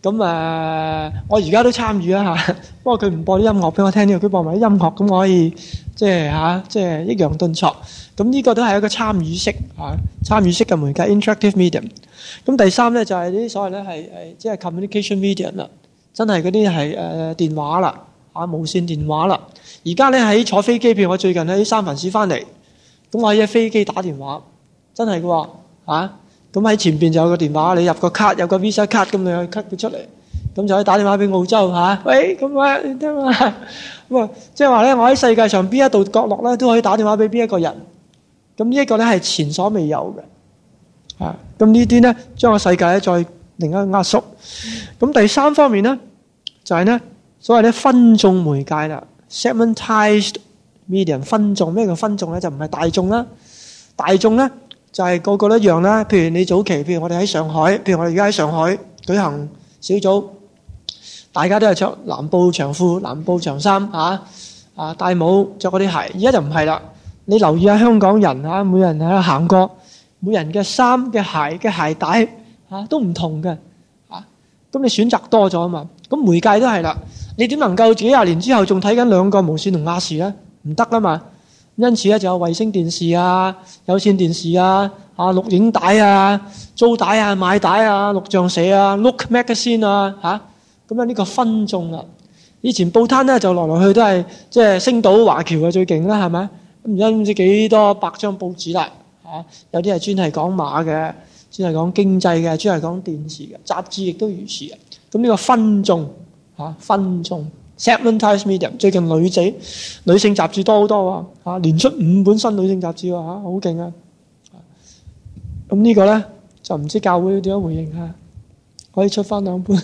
咁、啊、誒我而家都參與啦吓、啊、不過佢唔播啲音樂俾我聽呢佢播埋啲音樂，咁我，我可以即係即係抑揚頓挫。咁、啊、呢、就是啊就是、個都係一個參與式嚇、啊、參與式嘅媒介 interactive medium。咁第三咧就係呢啲所謂咧係誒，即係 communication media 啦，真係嗰啲係誒電話啦，啊無線電話啦。而家咧喺坐飛機，譬如我最近喺三藩市翻嚟，咁我喺飛機打電話，真係噶吓。咁、啊、喺前邊就有個電話，你入個卡有個 visa 卡，咁你去 cut 佢出嚟，咁就可以打電話俾澳洲吓、啊。喂，咁啊，你聽啊，哇！即係話咧，我喺世界上邊一度角落咧都可以打電話俾邊一個人，咁呢一個咧係前所未有嘅。啊，咁呢啲咧將個世界咧再另一壓縮。咁第三方面咧就係咧所謂咧分眾媒介啦，segmented media，分眾。咩叫分眾咧？就唔係大眾啦，大眾咧就係個個都一樣啦。譬如你早期，譬如我哋喺上海，譬如我哋而家喺上海舉行小組，大家都係著藍布長褲、藍布長衫啊啊，戴帽著嗰啲鞋。而家就唔係啦，你留意下香港人啊，每人喺度行過。每人嘅衫、嘅鞋、嘅鞋帶啊都唔同嘅啊咁你選擇多咗啊嘛，咁媒介都係啦，你點能夠幾十年之後仲睇緊兩個無線同亞視咧？唔得啦嘛，因此咧就有衛星電視啊、有線電視啊、啊錄影帶啊、租帶啊、買帶啊、錄像社啊、啊 Look Magazine 啊嚇，咁啊呢個分眾啦、啊。以前報攤咧就來來去去都係即係星島華僑嘅最勁啦，係咪？而家都唔知幾多百張報紙啦。嚇，有啲係專係講馬嘅，專係講經濟嘅，專係講電視嘅雜誌，亦都如此啊！咁呢個分眾嚇，分眾 segmented media。Medium, 最近女仔女性雜誌多好多喎嚇，連出五本新女性雜誌喎嚇，好勁啊！咁呢個咧就唔知教會點樣回應啊？可以出翻兩本。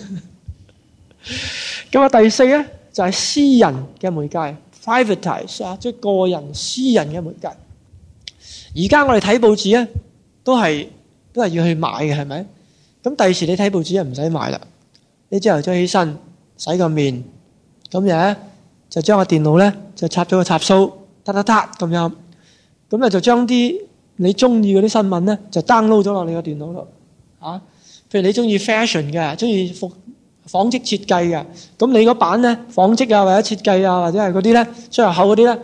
咁啊，第四咧就係、是、私人嘅媒介，private types 啊，Privateize, 即係個人私人嘅媒介。而家我哋睇報紙咧，都係都係要去買嘅，係咪？咁第二時你睇報紙又唔使買啦。你朝頭早起身，洗個面，咁樣就將個電腦咧就插咗個插蘇，得得得咁樣。咁咧就將啲你中意嘅啲新聞咧就 download 咗落你個電腦度啊。譬如你中意 fashion 嘅，中意服紡織設計嘅，咁你嗰版咧，紡織啊，或者設計啊，或者係嗰啲咧，即係出入口嗰啲咧，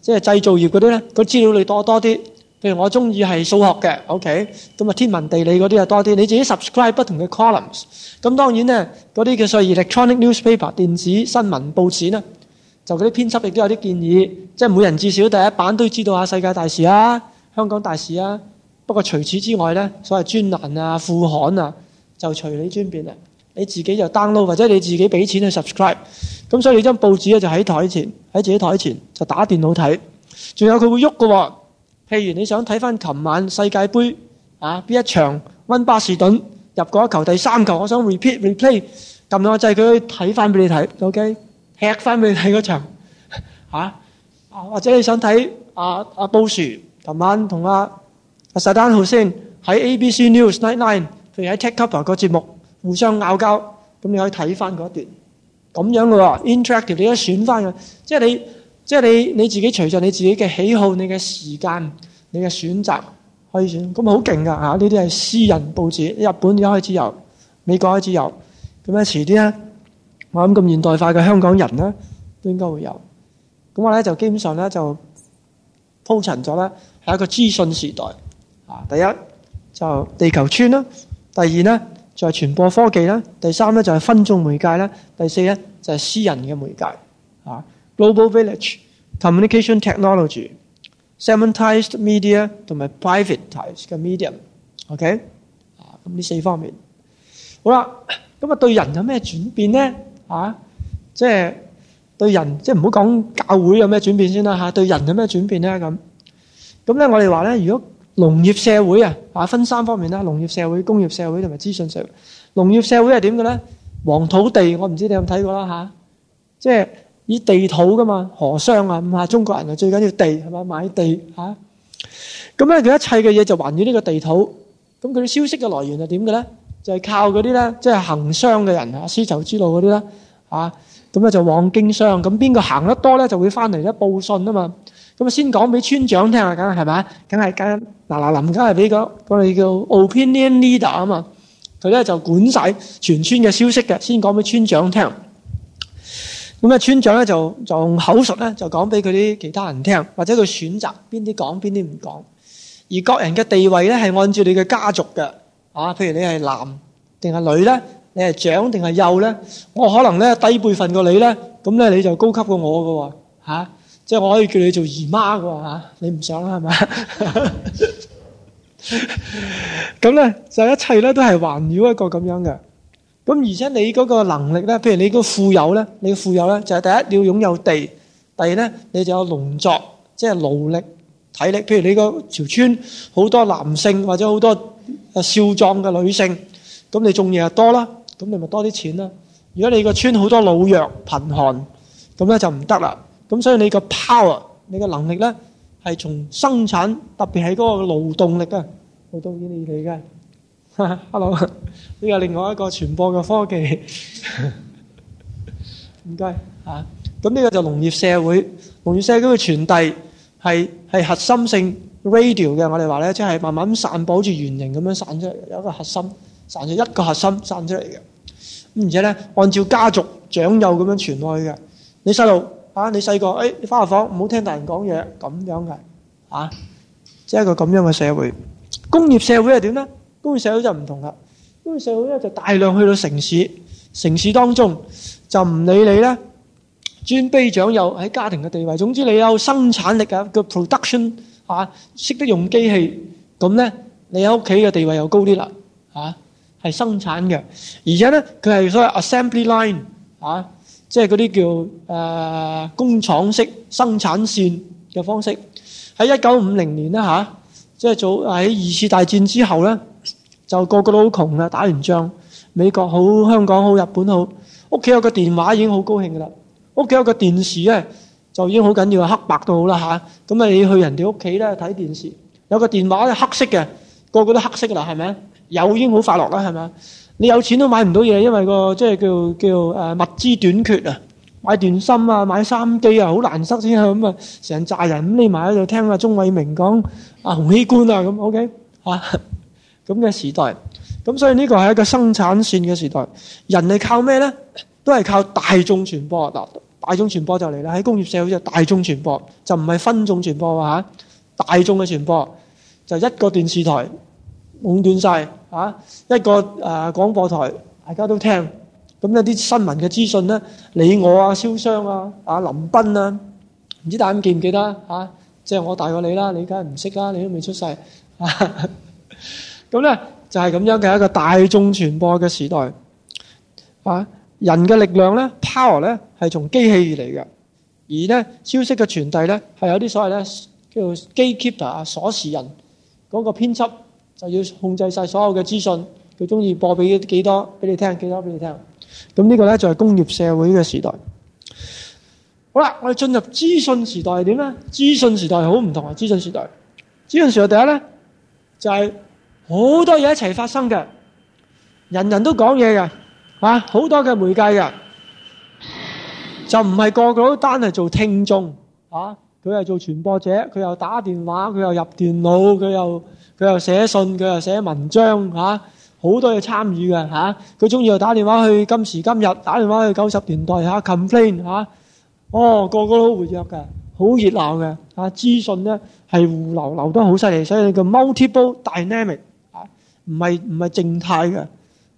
即係製造業嗰啲咧，個資料你多多啲。譬如我中意係數學嘅，OK，咁啊天文地理嗰啲啊多啲。你自己 subscribe 不同嘅 columns。咁當然咧，嗰啲叫所謂 electronic newspaper 電子新聞報紙咧，就嗰啲編輯亦都有啲建議，即係每人至少第一版都要知道下世界大事啊、香港大事啊。不過除此之外咧，所謂專欄啊、副刊啊，就隨你尊便啦。你自己就 download 或者你自己俾錢去 subscribe。咁所以你張報紙咧就喺台前，喺自己台前就打電腦睇。仲有佢會喐嘅喎。譬如你想睇翻琴晚世界盃啊，邊一場温巴士頓入過一球第三球，我想 repeat replay，撳兩下就係佢睇翻俾你睇，OK 吃翻俾你睇嗰場嚇。或者你想睇阿阿布殊琴晚同阿阿沙丹浩先喺 ABC News Nightline，佢喺 Tech Cup 個節目互相拗交，咁你可以睇翻嗰段，咁樣嘅話，interactive 你一選翻嘅，即係你。即係你你自己隨着你自己嘅喜好、你嘅時間、你嘅選擇可以選，咁好勁噶嚇！呢啲係私人報紙，日本而家開始有，美國一開始有，咁樣遲啲咧，我諗咁現代化嘅香港人咧都應該會有。咁我咧就基本上咧就鋪陳咗啦，係一個資訊時代嚇。第一就地球村啦，第二咧就係傳播科技啦，第三咧就係分眾媒介啦，第四咧就係私人嘅媒介嚇。啊 Global village, communication technology, semantised media 同埋 privatised 嘅 media，OK 啊，咁呢四方面，好啦，咁啊對人有咩轉變咧啊？即係對人即係唔好講教會有咩轉變先啦吓，對人有咩轉變咧咁？咁咧我哋話咧，如果農業社會啊，啊分三方面啦，農業社會、工業社會同埋資訊社會。農業社會係點嘅咧？黃土地，我唔知你有冇睇過啦吓，即係。以地土噶嘛，河商啊，咁啊，中國人啊最緊要地係咪？買地嚇。咁咧佢一切嘅嘢就圍繞呢個地土。咁佢啲消息嘅來源係點嘅咧？就係、是、靠嗰啲咧，即係行商嘅人啊，絲綢之路嗰啲咧嚇。咁咧就往經商，咁邊個行得多咧，就會翻嚟咧報信啊嘛。咁啊先講俾村長聽啊，梗係咪？梗係梗嗱嗱臨梗係俾個我哋叫 opinion leader 啊嘛。佢咧就管晒全村嘅消息嘅，先講俾村長聽。咁啊，村長咧就用口述咧，就講俾佢啲其他人聽，或者佢選擇邊啲講，邊啲唔講。而各人嘅地位咧，係按照你嘅家族嘅啊。譬如你係男定係女咧，你係長定係幼咧，我可能咧低輩份過你咧，咁咧你就高級過我噶吓，即、啊、係、就是、我可以叫你做姨媽噶吓，你唔想啦係嘛？咁咧 [laughs] 就是、一切咧都係環繞一個咁樣嘅。咁而且你嗰個能力咧，譬如你個富有咧，你富有咧就係第一你要擁有地，第二咧你就有農作，即係勞力體力。譬如你個條村好多男性或者好多少壯嘅女性，咁你種嘢又多啦，咁你咪多啲錢啦。如果你個村好多老弱貧寒，咁咧就唔得啦。咁所以你個 power，你個能力咧係從生產，特別係嗰個勞動力啊，好多嘢嚟嘅。哈，hello，呢個另外一個傳播嘅科技，唔該吓。咁呢個就農業社會，農業社會嘅傳遞係係核心性 radio 嘅。我哋話咧，即係慢慢咁散播住圓形咁樣散出嚟，有一個核心散出一個核心散出嚟嘅。咁而且咧，按照家族長幼咁樣傳落去嘅。你細路啊，你細個誒，你返入房唔好聽大人講嘢，咁樣嘅啊，即係一個咁樣嘅社會。工業社會係點咧？工業社會就唔同啦。工業社會咧就大量去到城市，城市當中就唔理你啦，尊卑長幼喺家庭嘅地位。總之你有生產力叫啊，個 production 啊識得用機器咁咧，你喺屋企嘅地位又高啲啦嚇。係、啊、生產嘅，而且咧佢係所謂 assembly line 啊即係嗰啲叫誒、呃、工廠式生產線嘅方式。喺一九五零年呢，嚇、啊，即係做喺二次大戰之後咧。就個個都好窮啦！打完仗，美國好，香港好，日本好。屋企有個電話已經好高興噶啦。屋企有個電視咧，就已經好緊要啊！黑白都好啦吓，咁啊，你去人哋屋企咧睇電視，有個電話咧黑色嘅，個個都黑色噶啦，係咪？有已經好快樂啦，係咪？你有錢都買唔到嘢，因為個即係叫叫誒物資短缺啊！買電芯啊，買三機啊，好難塞先啊！咁啊，成扎人咁匿埋喺度聽阿鍾偉明講，阿洪熙官啊咁，OK 嚇、啊。咁嘅時代，咁所以呢個係一個生產線嘅時代。人哋靠咩咧？都係靠大眾傳播嗱，大眾傳播就嚟啦！喺工業社會就大眾傳播，就唔係分眾傳播吓，大眾嘅傳播就一個電視台壟斷晒，一個誒廣播台大家都聽。咁有啲新聞嘅資訊咧，你我啊蕭商啊啊林彬啊，唔知大家記唔記得？即係、即係、我大過你啦，你梗係唔識啦，你都未出世啊！ [laughs] 咁咧就係咁樣嘅一個大眾傳播嘅時代，人嘅力量咧，power 咧係從機器而嚟嘅，而咧消息嘅傳遞咧係有啲所謂咧叫做 gate-keeper 啊，鎖匙人嗰個編輯就要控制晒所有嘅資訊，佢中意播俾幾多俾你聽，幾多俾你聽。咁、這、呢個咧就係工業社會嘅時代。好啦，我哋進入資訊時代係點咧？資訊時代好唔同啊！資訊時代，資訊時代第一咧就係、是。好多嘢一齊發生嘅，人人都講嘢嘅，啊，好多嘅媒介嘅，就唔係個個都單係做聽眾，啊，佢係做傳播者，佢又打電話，佢又入電腦，佢又佢又寫信，佢又寫文章，嚇好多嘢參與嘅，嚇佢中意又打電話去今時今日，打電話去九十年代，嚇 complain 嚇，哦個個都好活躍嘅，好熱鬧嘅。啊資訊咧係互流流得好犀利，所以你叫 multiple dynamic。唔係唔係靜態嘅，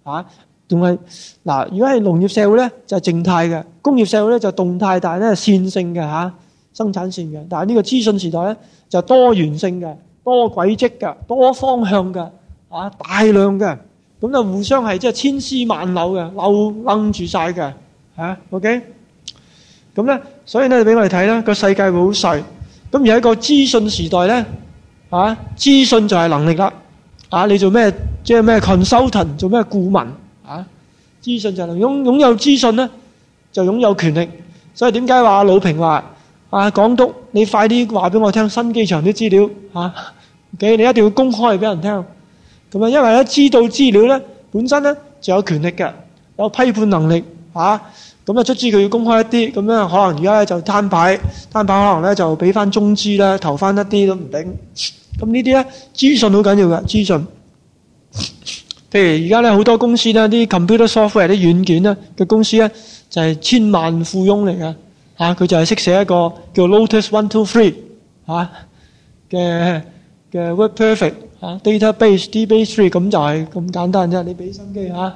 嚇，仲係嗱。如果係農業社會咧，就係靜態嘅；工業社會咧，就動態，但係咧線性嘅嚇，生產線嘅。但係呢個資訊時代咧，就多元性嘅、多軌跡嘅、多方向嘅嚇，大量嘅，咁就互相係即係千絲萬縷嘅，縷楞住曬嘅嚇。OK，咁咧，所以咧俾我哋睇啦，個世界會好細，咁而喺個資訊時代咧，嚇資訊就係能力啦。啊！你做咩？即係咩？consultant 做咩？顧問啊！資訊就能擁，擁有資訊咧，就擁有權力。所以點解話老平話啊？港督，你快啲話俾我聽新機場啲資料嚇。OK，、啊、你一定要公開俾人聽。咁啊，因為咧知道資料咧，本身咧就有權力嘅，有批判能力啊。咁啊，出資佢要公開一啲，咁樣可能而家咧就攤牌，攤牌可能咧就俾翻中資咧投翻一啲都唔定。咁呢啲咧資訊好緊要㗎。資訊，譬如而家咧好多公司咧啲 computer software 啲軟件咧嘅公司咧就係、是、千萬富翁嚟嘅，啊佢就係識寫一個叫 Lotus One Two Three 啊嘅嘅 Word Perfect 啊，啊 Database dBase Three 咁就係咁簡單啫，你俾心機吓。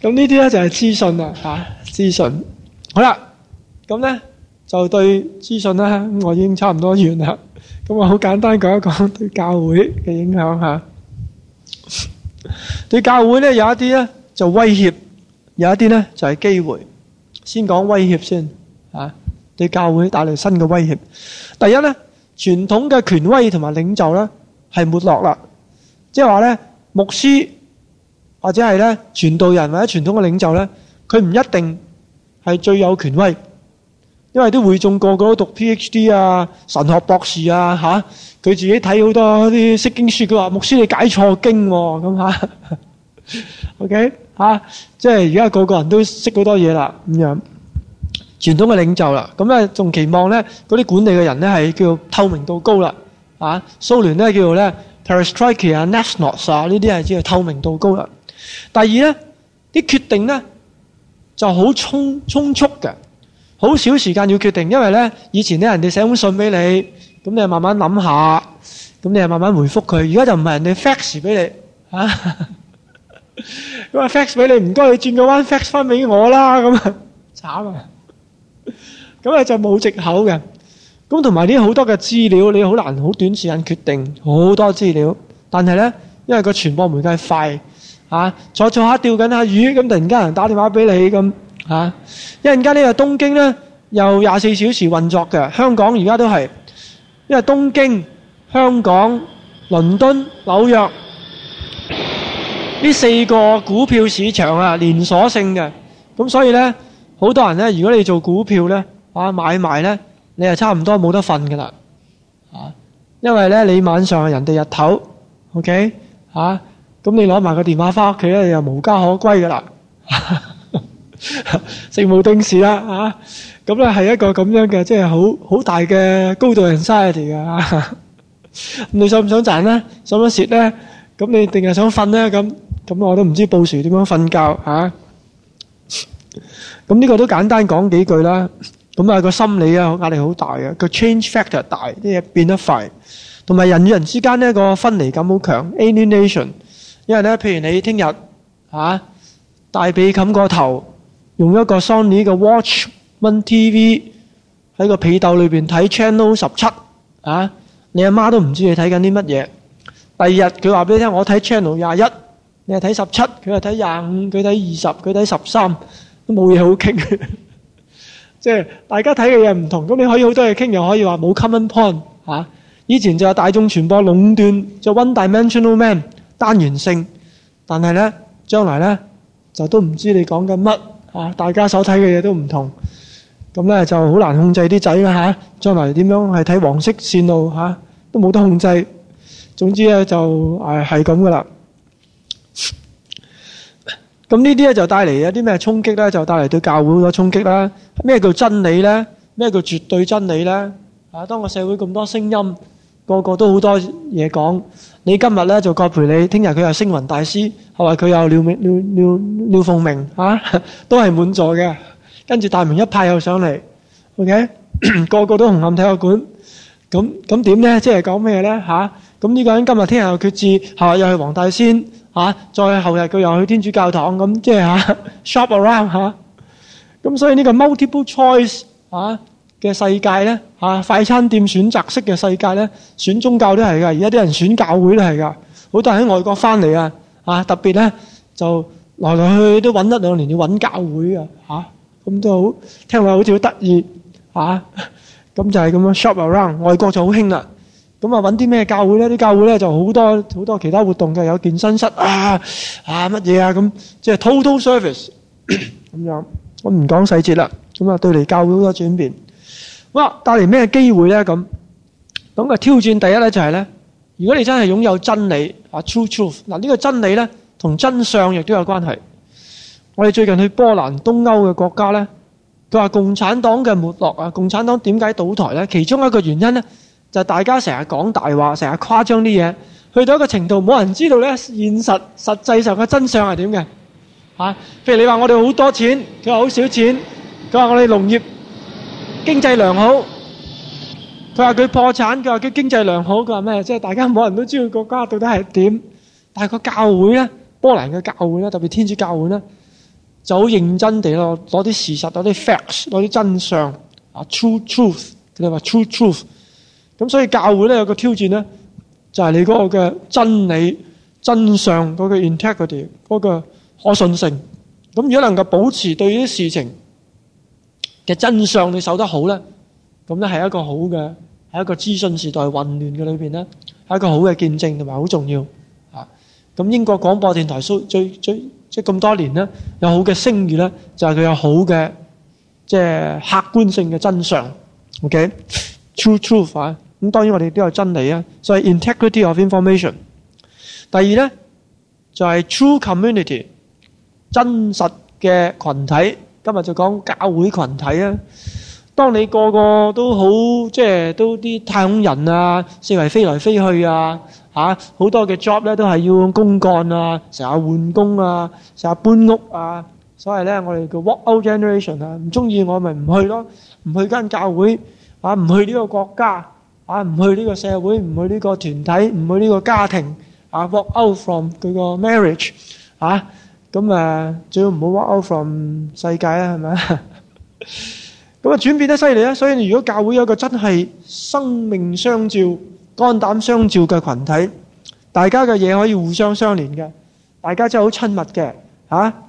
咁 [laughs] [laughs] 呢啲咧就係、是、資訊啦，嚇、啊、資訊。好啦，咁咧。就對資訊啦，我已經差唔多完啦。咁我好簡單講一講對教會嘅影響嚇。對教會咧有一啲咧就威脅，有一啲咧就係機會。先講威脅先啊，對教會帶嚟新嘅威脅。第一咧，傳統嘅權威同埋領袖咧係沒落啦，即係話咧牧師或者係咧傳道人或者傳統嘅領袖咧，佢唔一定係最有權威。因為都會眾個，個，個都讀 PhD 啊、神學博士啊，吓、啊、佢自己睇好多啲釋經書，佢話牧師你解錯經咁、啊、吓。啊、 [laughs] OK 吓、啊，即係而家個個人都識好多嘢啦，咁樣傳統嘅領袖啦，咁咧仲期望，咧嗰啲管理嘅人咧係叫透明度高啦，吓、啊、蘇聯咧叫咧 Perestroika National 呢啲係叫透明度高啦。第二咧啲決定咧就好匆匆促嘅。好少時間要決定，因為咧以前咧人哋寫封信俾你，咁你就慢慢諗下，咁你就慢慢回覆佢。而家就唔係人哋 fax 俾你嚇，咁啊 [laughs] fax 俾你唔該，你轉個彎 fax 翻俾我啦咁啊，慘啊！咁啊就冇藉口嘅。咁同埋呢好多嘅資料，你好難好短時間決定，好多資料。但係咧，因為個傳播媒介快啊，坐坐下釣緊下魚，咁突然間人打電話俾你咁。嚇、啊！因為而家呢個東京呢，有廿四小時運作嘅，香港而家都係，因為東京、香港、倫敦、紐約呢四個股票市場啊，連鎖性嘅，咁所以呢，好多人呢，如果你做股票呢，啊買賣呢，你就差唔多冇得瞓㗎啦，因為呢，你晚上係人哋日頭，OK？嚇、啊！咁你攞埋個電話翻屋企呢，你又無家可歸㗎啦。 [laughs] 成冇定時啦，啊！咁咧係一個咁樣嘅，即係好好大嘅高度 insanity 嘅。咁你想唔想賺咧？想唔想蝕咧？咁你定係想瞓咧？咁咁我都唔知報時點樣瞓覺吓。咁呢個都簡單講幾句啦。咁啊個心理啊壓力好大嘅，個 change factor 大，啲嘢變得快，同埋人與人之間呢個分離感好強，alienation。因為咧，譬如你聽日啊，大被冚個頭。用一個 Sony 嘅 Watchman TV 喺個被竇裏邊睇 Channel 十七啊，你阿媽都唔知你睇緊啲乜嘢。第二日佢話俾你聽，我睇 Channel 廿一，你又睇十七，佢又睇廿五，佢睇二十，佢睇十三，都冇嘢好傾。即係大家睇嘅嘢唔同，咁你可以好多嘢傾，又可以話冇 common point 嚇。以前就係大眾傳播壟斷，就 One dimensional man 單元性，但係咧將來咧就都唔知你講緊乜。啊！大家所睇嘅嘢都唔同，咁咧就好難控制啲仔啦嚇。再嚟點樣係睇黃色線路嚇，都冇得控制。總之咧就唉係咁噶啦。咁呢啲咧就帶嚟一啲咩衝擊咧？就帶嚟對教會個衝擊啦。咩叫真理咧？咩叫絕對真理咧？啊！當個社會咁多聲音，個個都好多嘢講。你今日咧就葛培理，聽日佢又星雲大師，後日佢又廖明廖廖廖鳳明啊？都係滿座嘅。跟住大明一派又上嚟，OK，個個都紅磡體育館。咁咁點咧？即係講咩咧？吓，咁呢個人今日聽日又決志，係咪又係黃大仙啊？再後日佢又去天主教堂，咁即係吓 shop around 吓。咁所以呢個 multiple choice 啊？嘅世界咧嚇，啊、快餐店選擇式嘅世界咧，選宗教都係噶。而家啲人選教會都係噶，好多人喺外國翻嚟啊，特別咧就來來去去都搵一兩年要搵教會啊，咁都聽好聽話，好似好得意，咁就係咁樣 shop around。外國就好興啦，咁啊搵啲咩教會咧？啲教會咧就好多好多其他活動嘅，有健身室啊，啊乜嘢啊咁，即係 total service 咁 [coughs] 樣。我唔講細節啦，咁啊對嚟教會好多轉變，哇！帶嚟咩機會呢？咁咁嘅挑戰第一呢，就係、是、呢：如果你真係擁有真理，啊 True Truth, 經濟良好，佢話佢破產，佢話佢經濟良好，佢話咩？即係大家冇人都知道國家到底係點。但係個教會咧，波蘭嘅教會咧，特別天主教會咧，就好認真地攞攞啲事實、攞啲 facts、攞啲真相啊，true truth，佢哋話 true truth。咁所以教會咧有個挑戰咧，就係你嗰個嘅真理、真相嗰個 integrity，嗰個可信性。咁如果能夠保持對呢啲事情，嘅真相，你守得好咧，咁咧係一個好嘅，喺一個資訊時代混亂嘅裏邊咧，係一個好嘅見證同埋好重要啊！咁英國廣播電台收最最即係咁多年咧，有好嘅聲譽咧，就係佢有好嘅即係客觀性嘅真相。OK，true truth 啊！咁當然我哋都有真理啊，所以 integrity of information。第二咧就係 true community，真實嘅羣體。今日就講教會羣體啊！當你個個都好，即係都啲太空人啊，四圍飛來飛去啊，嚇好多嘅 job 咧都係要用公幹啊，成日換工啊，成日搬屋啊，所以咧我哋叫 walk out generation 啊，唔中意我咪唔去咯，唔去間教會，啊唔去呢個國家，啊唔去呢個社會，唔去呢個團體，唔去呢個家庭，啊 walk out from 嗰個 marriage，啊。咁啊，最好唔好 walk out from 世界啦，係咪啊？咁啊，轉變得犀利啊！所以如果教會有一個真係生命相照、肝膽相照嘅羣體，大家嘅嘢可以互相相連嘅，大家真係好親密嘅，吓！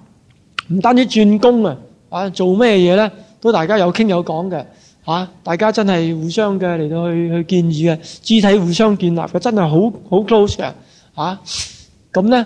唔單止轉工啊，啊，做咩嘢咧都大家有傾有講嘅，吓！大家真係互相嘅嚟到去去建議嘅肢體互相建立嘅，真係好好 close 嘅，吓！咁咧。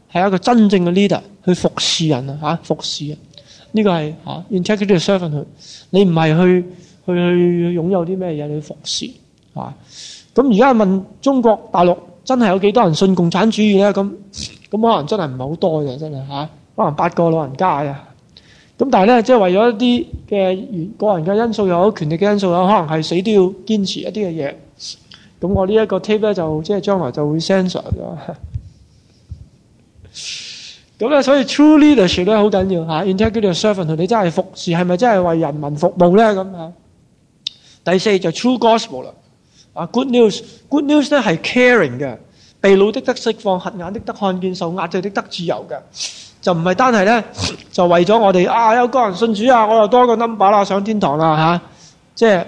係一個真正嘅 leader 去服侍人啊！服侍人、這個、啊！呢個係 integrity to serve 佢。你唔係去去去擁有啲咩嘢，你去服侍。咁而家問中國大陸真係有幾多人信共產主義咧？咁咁可能真係唔係好多嘅，真係、啊、可能八個老人家啊。咁但係咧，即、就、係、是、為咗一啲嘅個人嘅因素又有權力嘅因素，有可能係死都要堅持一啲嘅嘢。咁我呢一個 tape 就即係將來就會 censor 咗。咁咧，所以 true leadership 咧好緊要 Integrity servant，你真係服侍，係咪真係為人民服務咧？咁啊，第四就 true gospel 啦、啊。啊，good news，good news 咧係 caring 嘅，被擄的得釋放，瞎眼的得看見，受壓制的得自由嘅，就唔係單係咧就為咗我哋啊有個人信主啊，我又多個 number 啦，上天堂啦、啊、即係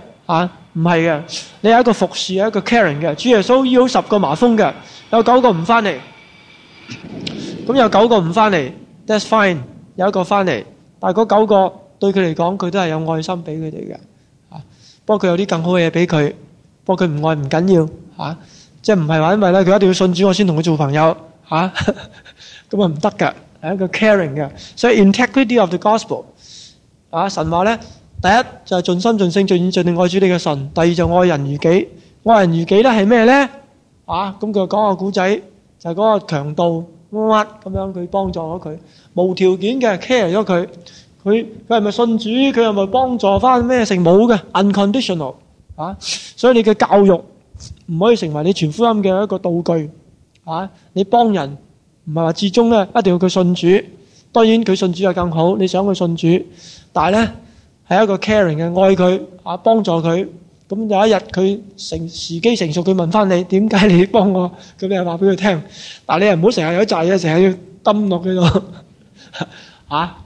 唔係嘅，你係一個服侍有一個 caring 嘅。主耶穌醫好十個麻風嘅，有九個唔翻嚟。咁有九個唔翻嚟，that's fine，有一個翻嚟，但係嗰九個對佢嚟講，佢都係有愛心俾佢哋嘅，吓，不過佢有啲更好嘅嘢俾佢，不過佢唔愛唔緊要，吓，即係唔係話因為咧，佢一定要信主我先同佢做朋友，吓，咁啊唔得嘅，係一個 caring 嘅，所以 integrity of the gospel，啊神話咧，第一就係盡心盡性盡意盡力愛主你嘅神，第二就愛人如己，愛人如己咧係咩咧？啊，咁佢講個古仔就係嗰個強盜。咁樣幫，佢幫助咗佢無條件嘅 care 咗佢。佢佢係咪信主？佢係咪幫助返咩成冇嘅？Unconditional 啊！所以你嘅教育唔可以成為你傳福音嘅一個道具啊！你幫人唔係話至終咧一定要佢信主。當然佢信主就更好，你想佢信主，但係咧係一個 caring 嘅愛佢啊，幫助佢。咁有一日佢成時機成熟，佢問翻你，點解你幫我？咁你就話俾佢聽。但係你又唔好成日有紮嘢，成日要抌落嗰度啊！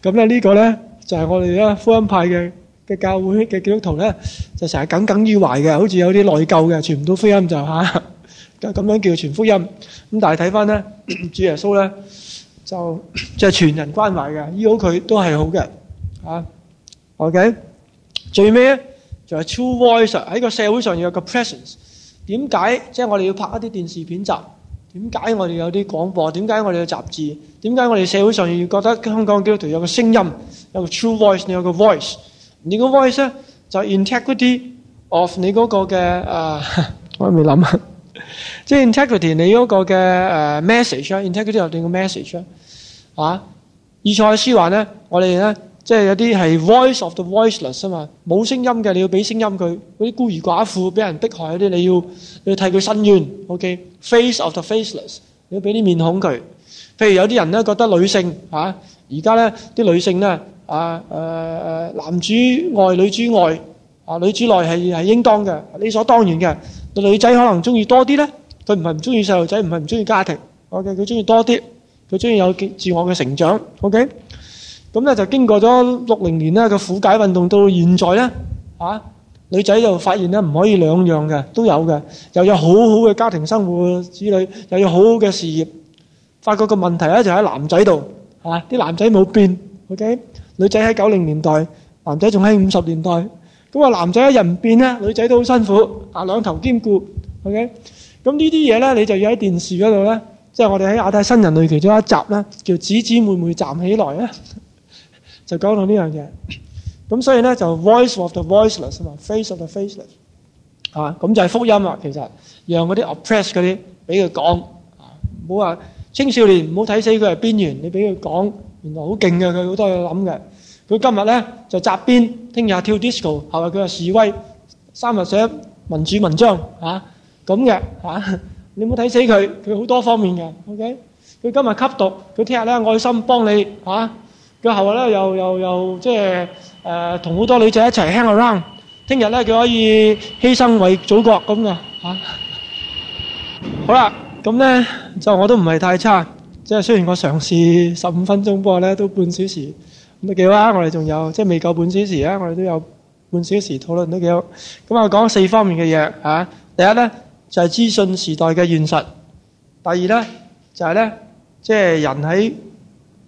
咁咧呢個咧就係我哋咧福音派嘅嘅教會嘅基督徒咧，就成日耿耿於懷嘅，好似有啲內疚嘅，傳唔到福音就吓，就咁樣叫全福音。咁但係睇翻咧，主耶穌咧就即係全人關懷嘅，醫好佢都係好嘅啊。OK，最尾咧。就係、是、true voice 喺個社會上要有個 presence。點解？即係我哋要拍一啲電視片集？點解我哋有啲廣播？點解我哋有雜誌？點解我哋社會上要覺得香港基督徒有個聲音，有個 true voice，你有個 voice。你個 voice 咧就係 integrity of 你嗰個嘅誒、啊，我未諗啊。即 [laughs] 係 integrity 你嗰個嘅、uh, message 啊，integrity 有定個 message 啊。啊，以賽思話咧，我哋咧。即係有啲係 Voice of the Voiceless 啊嘛，冇聲音嘅你要俾聲音佢；嗰啲孤兒寡婦、俾人迫害嗰啲，你要你要替佢申冤。OK，Face of the Faceless，你要俾啲面孔佢。譬如有啲人咧覺得女性嚇，而家咧啲女性咧啊誒誒，男主外女主外啊，女主內係係應當嘅，理所當然嘅。女仔可能中意多啲咧，佢唔係唔中意細路仔，唔係唔中意家庭。OK，佢中意多啲，佢中意有自自我嘅成長。OK。咁咧就經過咗六零年咧嘅婦解運動，到現在咧啊，女仔就發現咧唔可以兩樣嘅，都有嘅，又有好好嘅家庭生活子女，又有好好嘅事業。發覺個問題咧就喺男仔度嚇，啲男仔冇變，O K。女仔喺九零年代，男仔仲喺五十年代。咁啊，男仔一人唔變咧，女仔都好辛苦啊，兩頭兼顧。O K。咁呢啲嘢咧，你就要喺電視嗰度咧，即係我哋喺亞太新人類其中一集咧，叫姊姊妹妹站起來啊！就講到呢樣嘢，咁所以咧就 voice of the voiceless 啊嘛，face of the faceless 啊，咁就係福音啊！其實讓嗰啲 oppressed 嗰啲俾佢講，唔好話青少年唔好睇死佢係邊緣，你俾佢講，原來好勁嘅，佢好多嘢諗嘅。佢今日咧就集邊，聽日跳 disco，後日佢話示威，三日寫民主文章啊咁嘅啊！你唔好睇死佢，佢好多方面嘅。OK，佢今日吸毒，佢聽日咧愛心幫你啊。後日咧又又又即係誒同好多女仔一齊 hang around。聽日咧佢可以犧牲為祖國咁嘅嚇。好啦，咁咧就我都唔係太差，即係雖然我嘗試十五分鐘，不過咧都半小時咁都幾好啊。我哋仲有即係未夠半小時啊，我哋都有半小時討論都幾好。咁啊講四方面嘅嘢嚇。第一咧就係資訊時代嘅現實。第二咧就係咧即係人喺。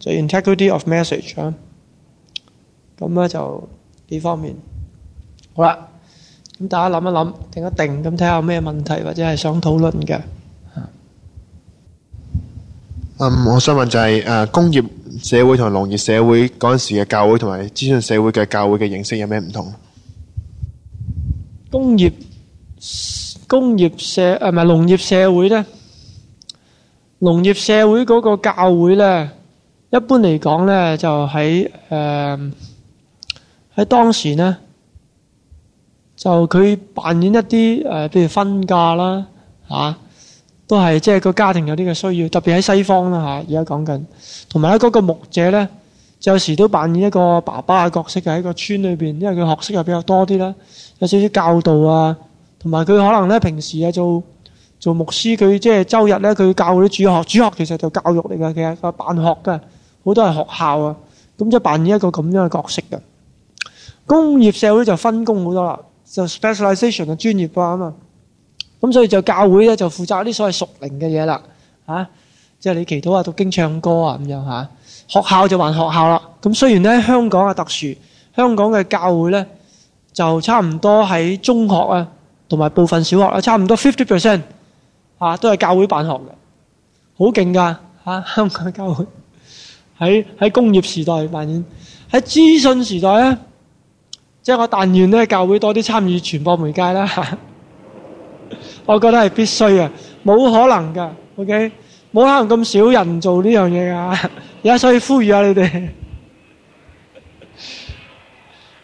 就係 integrity of message 啊，咁咧就呢方面，好啦，咁大家諗一諗，定一定咁睇下有咩問題或者係想討論嘅。嗯，我想問就係誒，工業社會同農業社會嗰陣時嘅教會同埋資訊社會嘅教會嘅形式有咩唔同？工業工業社誒唔係農業社會咧，農業社會嗰個教會咧。一般嚟講咧，就喺誒喺當時咧，就佢扮演一啲誒、呃，譬如婚嫁啦嚇、啊，都係即係個家庭有啲嘅需要。特別喺西方啦嚇，而家講緊，同、啊、埋呢嗰、那個牧者咧，就有時都扮演一個爸爸嘅角色嘅喺個村裏邊，因為佢學識又比較多啲啦，有少少教導啊，同埋佢可能咧平時啊做做牧師，佢即係周日咧佢教嗰啲主學，主學其實就教育嚟㗎，其實佢辦學㗎。好多係學校啊，咁就扮演一個咁樣嘅角色嘅。工業社會就分工好多啦，就 specialization 嘅專業化啊嘛。咁所以就教會咧就負責啲所謂屬靈嘅嘢啦，啊，即係你祈禱啊、讀經、唱歌啊咁樣啊。學校就還學校啦。咁雖然咧香港啊特殊，香港嘅教會咧就差唔多喺中學啊同埋部分小學啊，差唔多 fifty percent 啊，都係教會辦學嘅，好勁噶嚇香港嘅教會。喺喺工業時代扮演，喺資訊時代咧，即係我但願咧教會多啲參與傳播媒介啦。我覺得係必須呀，冇可能噶。OK，冇可能咁少人做呢樣嘢噶。而家所以呼籲下、啊、你哋，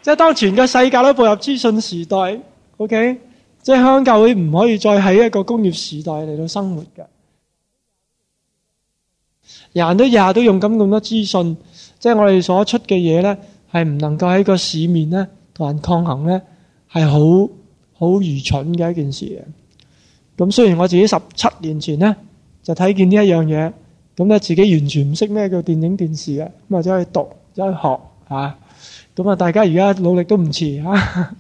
即係當全個世界都步入資訊時代。OK，即係香港教會唔可以再喺一個工業時代嚟到生活㗎。人都日日都用咁咁多資訊，即係我哋所出嘅嘢咧，係唔能夠喺個市面咧同人抗衡咧，係好好愚蠢嘅一件事嘅。咁雖然我自己十七年前咧就睇見呢一樣嘢，咁咧自己完全唔識咩叫電影電視嘅，咁啊走去讀走去學嚇。咁啊，大家而家努力都唔遲嚇。啊、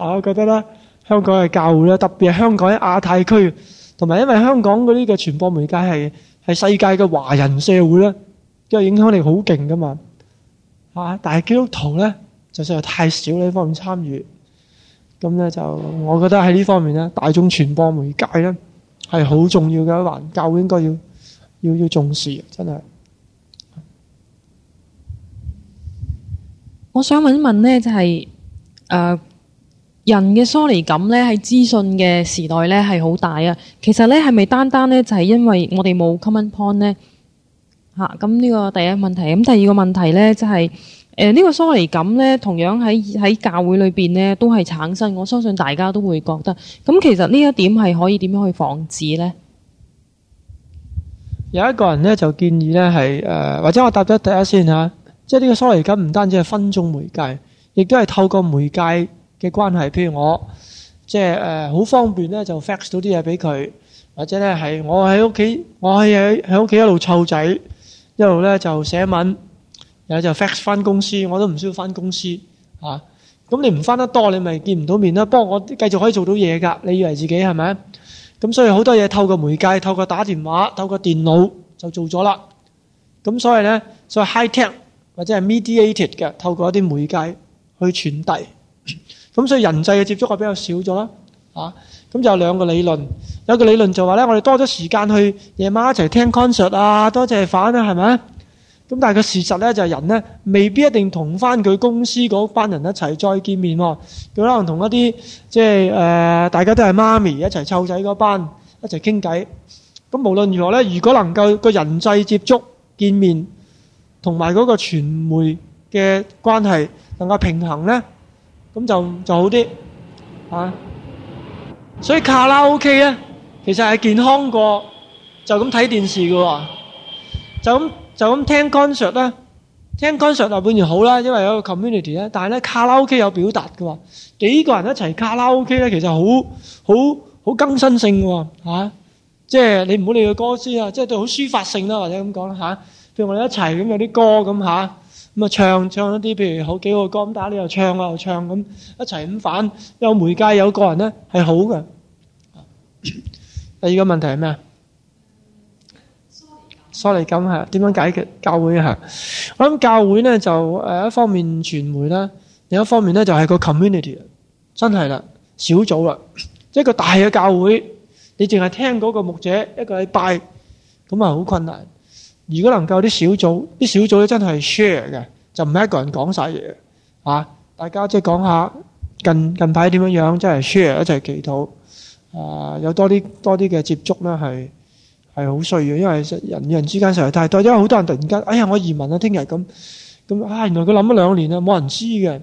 [laughs] 我覺得咧，香港嘅教會咧，特別係香港喺亞太區，同埋因為香港嗰啲嘅傳播媒介係，係世界嘅華人社會咧，因為影響力好勁㗎嘛，嚇！但係基督徒咧就實在太少呢方面參與，咁咧就我覺得喺呢方面咧，大眾傳播媒介咧係好重要嘅一環，教會應該要要要重視，真係。我想問一問咧、就是，就係誒。人嘅疏離感咧，喺資訊嘅時代咧係好大啊！其實咧係咪單單咧就係因為我哋冇 common point 呢？吓、啊？咁呢個第一個問題，咁第二個問題咧就係誒呢個疏離感咧，同樣喺喺教會裏邊咧都係產生。我相信大家都會覺得，咁其實呢一點係可以點樣去防止呢？有一個人咧就建議咧係誒，或者我答咗第一先吓，即係呢個疏離感唔單止係分眾媒介，亦都係透過媒介。嘅關係，譬如我即係誒好方便咧，就 fax 到啲嘢俾佢，或者咧係我喺屋企，我係喺喺屋企一路湊仔，一路咧就寫文，然後就 fax 翻公司，我都唔需要翻公司嚇。咁你唔翻得多，你咪見唔到面咯。不過我繼續可以做到嘢㗎，你以為自己係咪？咁所以好多嘢透過媒介，透過打電話，透過電腦就做咗啦。咁所以咧，所以 high tech 或者係 mediated 嘅，透過一啲媒介去傳遞。咁所以人際嘅接觸係比較少咗啦，啊咁就有兩個理論，有個個理論就話咧，我哋多咗時間去夜晚一齊聽 concert 啊，多謝反啊，係咪？咁但係個事實咧就係，是，人咧未必一定同翻佢公司嗰班人一齊再見面，佢，啊、可能同一啲即係誒、呃、大家都係媽咪一齊湊仔嗰班一齊傾偈。咁無論如何咧，如果能夠個人際接觸，見面同埋嗰個傳媒嘅關係能夠平衡咧。咁就就好啲，吓、啊、所以卡拉 OK 咧，其實係健康過就咁睇電視嘅喎，就咁就咁聽 concert 咧，聽 concert 又當然好啦，因為有個 community 呢。但係咧，卡拉 OK 有表達嘅喎，幾個人一齊卡拉 OK 咧，其實好好好更新性喎，即係你唔好理個歌先啊，即係對好抒發性啦，或者咁講啦，譬如我哋一齊咁有啲歌咁吓、啊咁啊唱唱一啲，譬如好幾個歌，打你又唱又唱咁，一齊咁反。有媒介，有個人咧係好嘅。 [coughs] 第二個問題係咩啊？疏離感係點樣解決？教會係我諗教會咧就誒一方面傳媒啦，另一方面咧就係、是、個 community 真係啦，小組啦，就是、一係個大嘅教會，你淨係聽嗰個牧者一個禮拜，咁啊好困難。如果能夠啲小組，啲小組咧真係 share 嘅，就唔係一個人講曬嘢啊！大家即係講下近近排點樣樣，即係 share 一齊祈禱啊！有多啲多啲嘅接觸咧，係係好需要，因為人與人之間實在太多，因為好多人突然間，哎呀，我移民啊，聽日咁咁，哎，原來佢諗咗兩年啦，冇人知嘅，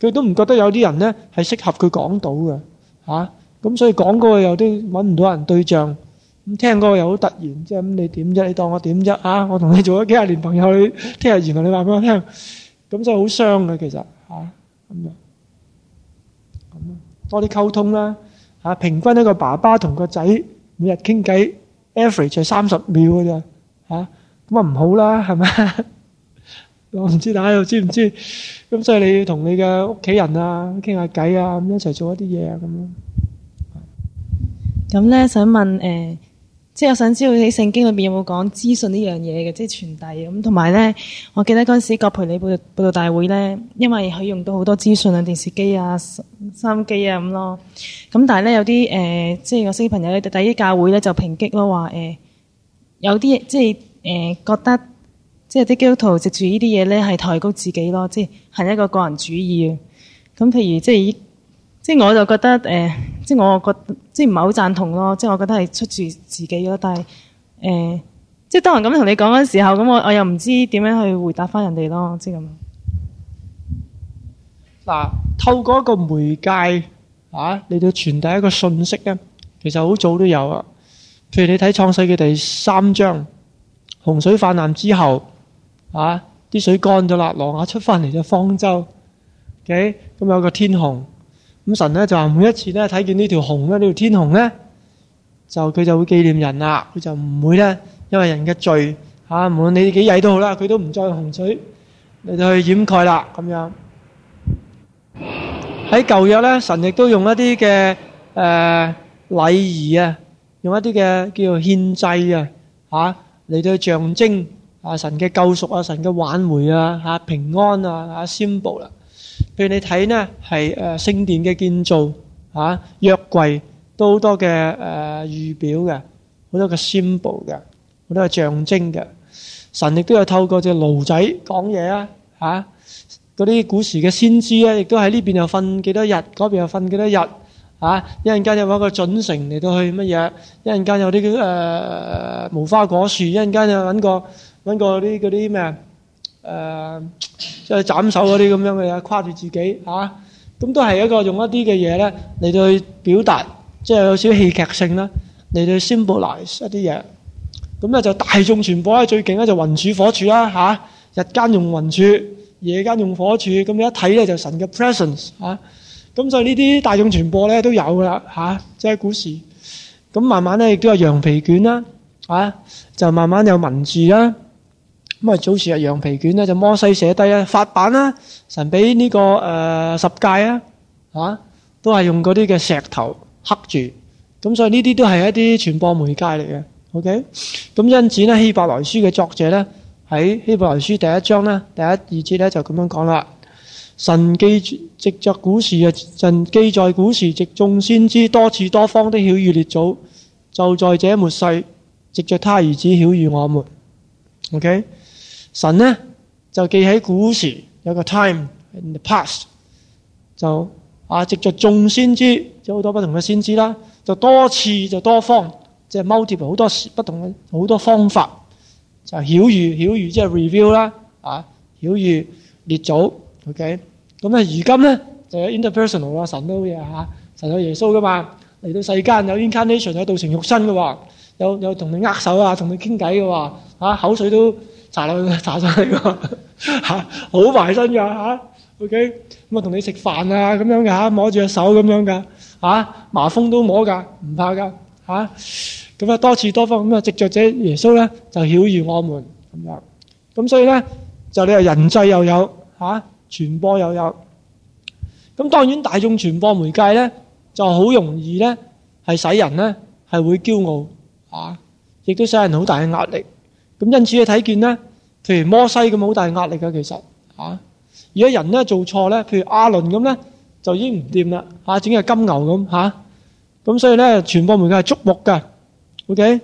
佢都唔覺得有啲人咧係適合佢講到嘅嚇，咁所以講過有啲揾唔到人對象。咁聽過又好突然，即係咁你點啫？你當我點啫？嚇！我同你做咗幾十年朋友，你聽日原來你話俾我聽，咁真係好傷嘅。其實嚇咁樣咁多啲溝通啦嚇，平均一個爸爸同個仔每日傾偈，average 係三十秒㗎咋嚇，咁啊唔好啦，係咪？我唔知大家又知唔知？咁所以你要同你嘅屋企人啊傾下偈啊，咁一齊做一啲嘢啊，咁咯。咁咧想問誒？即係我想知道喺聖經裏面有冇講資訊呢樣嘢嘅，即係傳遞咁。同埋咧，我記得嗰陣時葛培理報道大會咧，因為佢用到好多資訊啊、電視機啊、收音機啊咁咯。咁但係咧有啲誒、呃，即係我識啲朋友咧，第一教會咧就抨擊咯，話誒、呃、有啲即係誒、呃、覺得即係啲基督徒藉住呢啲嘢咧係抬高自己咯，即係係一個個人主義。咁譬如即係。即係我就覺得誒、呃，即係我，我覺得即係唔係好贊同咯。即係我覺得係出自自己咯，但係誒、呃，即係當人咁同你講嗰時候，咁我我又唔知點樣去回答翻人哋咯。即係咁。嗱，透過一個媒介啊，嚟到傳遞一個信息咧，其實好早都有啊。譬如你睇創世記第三章，洪水泛濫之後啊，啲水乾咗啦，挪亞出翻嚟就方舟，OK，咁有個天虹。咁神呢，就話每一次呢，睇見呢條紅，呢條天虹呢就佢就會紀念人啦，佢就唔會呢，因為人嘅罪吓，無論你幾曳都好啦，佢都唔再洪水嚟到去掩蓋啦咁樣。譬如你睇呢係誒、呃、聖殿嘅建造啊，約櫃都好多嘅誒預表嘅，好多嘅 symbol 嘅，好多嘅象徵嘅。神亦都有透過隻爐仔講嘢啊！嗰啲古時嘅先知咧，亦都喺呢邊又瞓幾多日，嗰邊又瞓幾多日啊！有一陣間又揾個準繩嚟到去乜嘢？一陣間有啲誒、呃、無花果樹，一陣間又搵個搵個啲嗰啲咩啊？誒、呃，即、就、係、是、斬首嗰啲咁樣嘅嘢，跨住自己嚇，咁、啊、都係一個用一啲嘅嘢咧嚟到去表達，即係有少少戲劇性啦，嚟到 symbolize 一啲嘢。咁咧就大眾傳播咧最勁咧就雲柱火柱啦嚇、啊，日間用雲柱，夜間用火柱，咁一睇咧就神嘅 presence 嚇、啊。咁所以呢啲大眾傳播咧都有噶啦嚇，即係古時。咁、就是、慢慢咧亦都有羊皮卷啦嚇、啊，就慢慢有文字啦。咁啊，早時啊，羊皮卷咧就摩西寫低啊，法版啦、啊，神俾呢、呢個誒、呃、十戒啊，啊都係用嗰啲嘅石頭刻住，咁所以呢啲都係一啲傳播媒介嚟嘅，OK？咁因此呢，希伯來書嘅作者咧喺希伯來書第一章啦，第一二節咧就咁樣講啦，神記著古時啊，神記在古時，直眾先知多次多方的曉喻列祖，就在這末世，直着他兒子曉喻我們，OK？神咧就記喺古時有個 time in the past 就，啊，藉着眾先知，有好多不同嘅先知啦，就多次就多方即係、就是、multiple 好多時不同嘅好多方法就曉諭曉諭即係 review 啦，啊曉諭列祖，ok 咁咧，如今咧就有 interpersonal 啦，神都有啊，神有耶穌噶嘛，嚟到世間有 incarnation 有道成肉身嘅話，有有同你握手你啊，同你傾偈嘅話啊，口水都。查老查生嚟吓好埋身噶吓、啊、，O.K. 咁啊同你食飯啊咁樣噶吓，摸住隻手咁樣噶吓、啊，麻風都摸噶，唔怕噶吓，咁啊多次多方咁啊，藉着者耶穌咧就曉喻我們咁樣，咁所以咧就你、是、啊人際又有吓傳、啊、播又有，咁當然大眾傳播媒介咧就好容易咧係使人咧係會驕傲吓，亦、啊、都使人好大嘅壓力。咁因此你睇見咧，譬如摩西咁好大壓力嘅，其實嚇，如果人咧做錯咧，譬如亞倫咁咧，就已經唔掂啦嚇，整嘅金牛咁嚇，咁所以咧傳播媒介係觸目嘅，OK，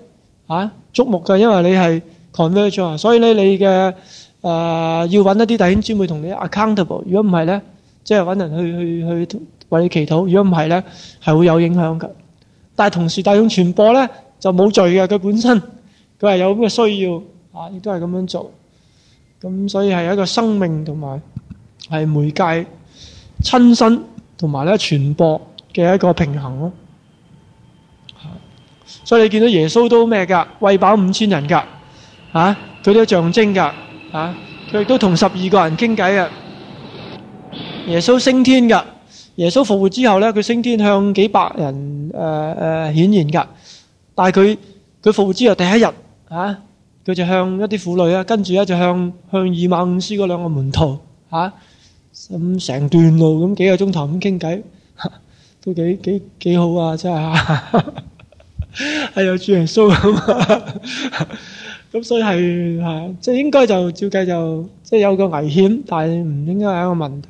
嚇觸目嘅，因為你係 converge 啊，所以咧你嘅誒要揾一啲弟兄姊妹同你 accountable，如果唔係咧，即係揾人去去去為你祈禱，如果唔係咧，係會有影響嘅。但係同時大眾傳播咧就冇罪嘅，佢本身。佢係有咁嘅需要，啊，亦都係咁樣做，咁所以係一個生命同埋係媒介親、親身同埋咧傳播嘅一個平衡咯。所以你見到耶穌都咩噶？餵飽五千人噶，啊，佢都有象徵噶，啊，佢亦都同十二個人傾偈嘅。耶穌升天噶，耶穌復活之後咧，佢升天向幾百人誒誒顯現噶，但係佢佢復活之後第一日。啊！佢就向一啲婦女啊，跟住咧就向向二萬五書嗰兩個門徒啊，咁成段路咁幾個鐘頭咁傾偈，都幾幾幾好啊！真係啊，係有主耶穌啊嘛！咁所以係係，即係應該就照計就即係有個危險，但係唔應該係一個問題。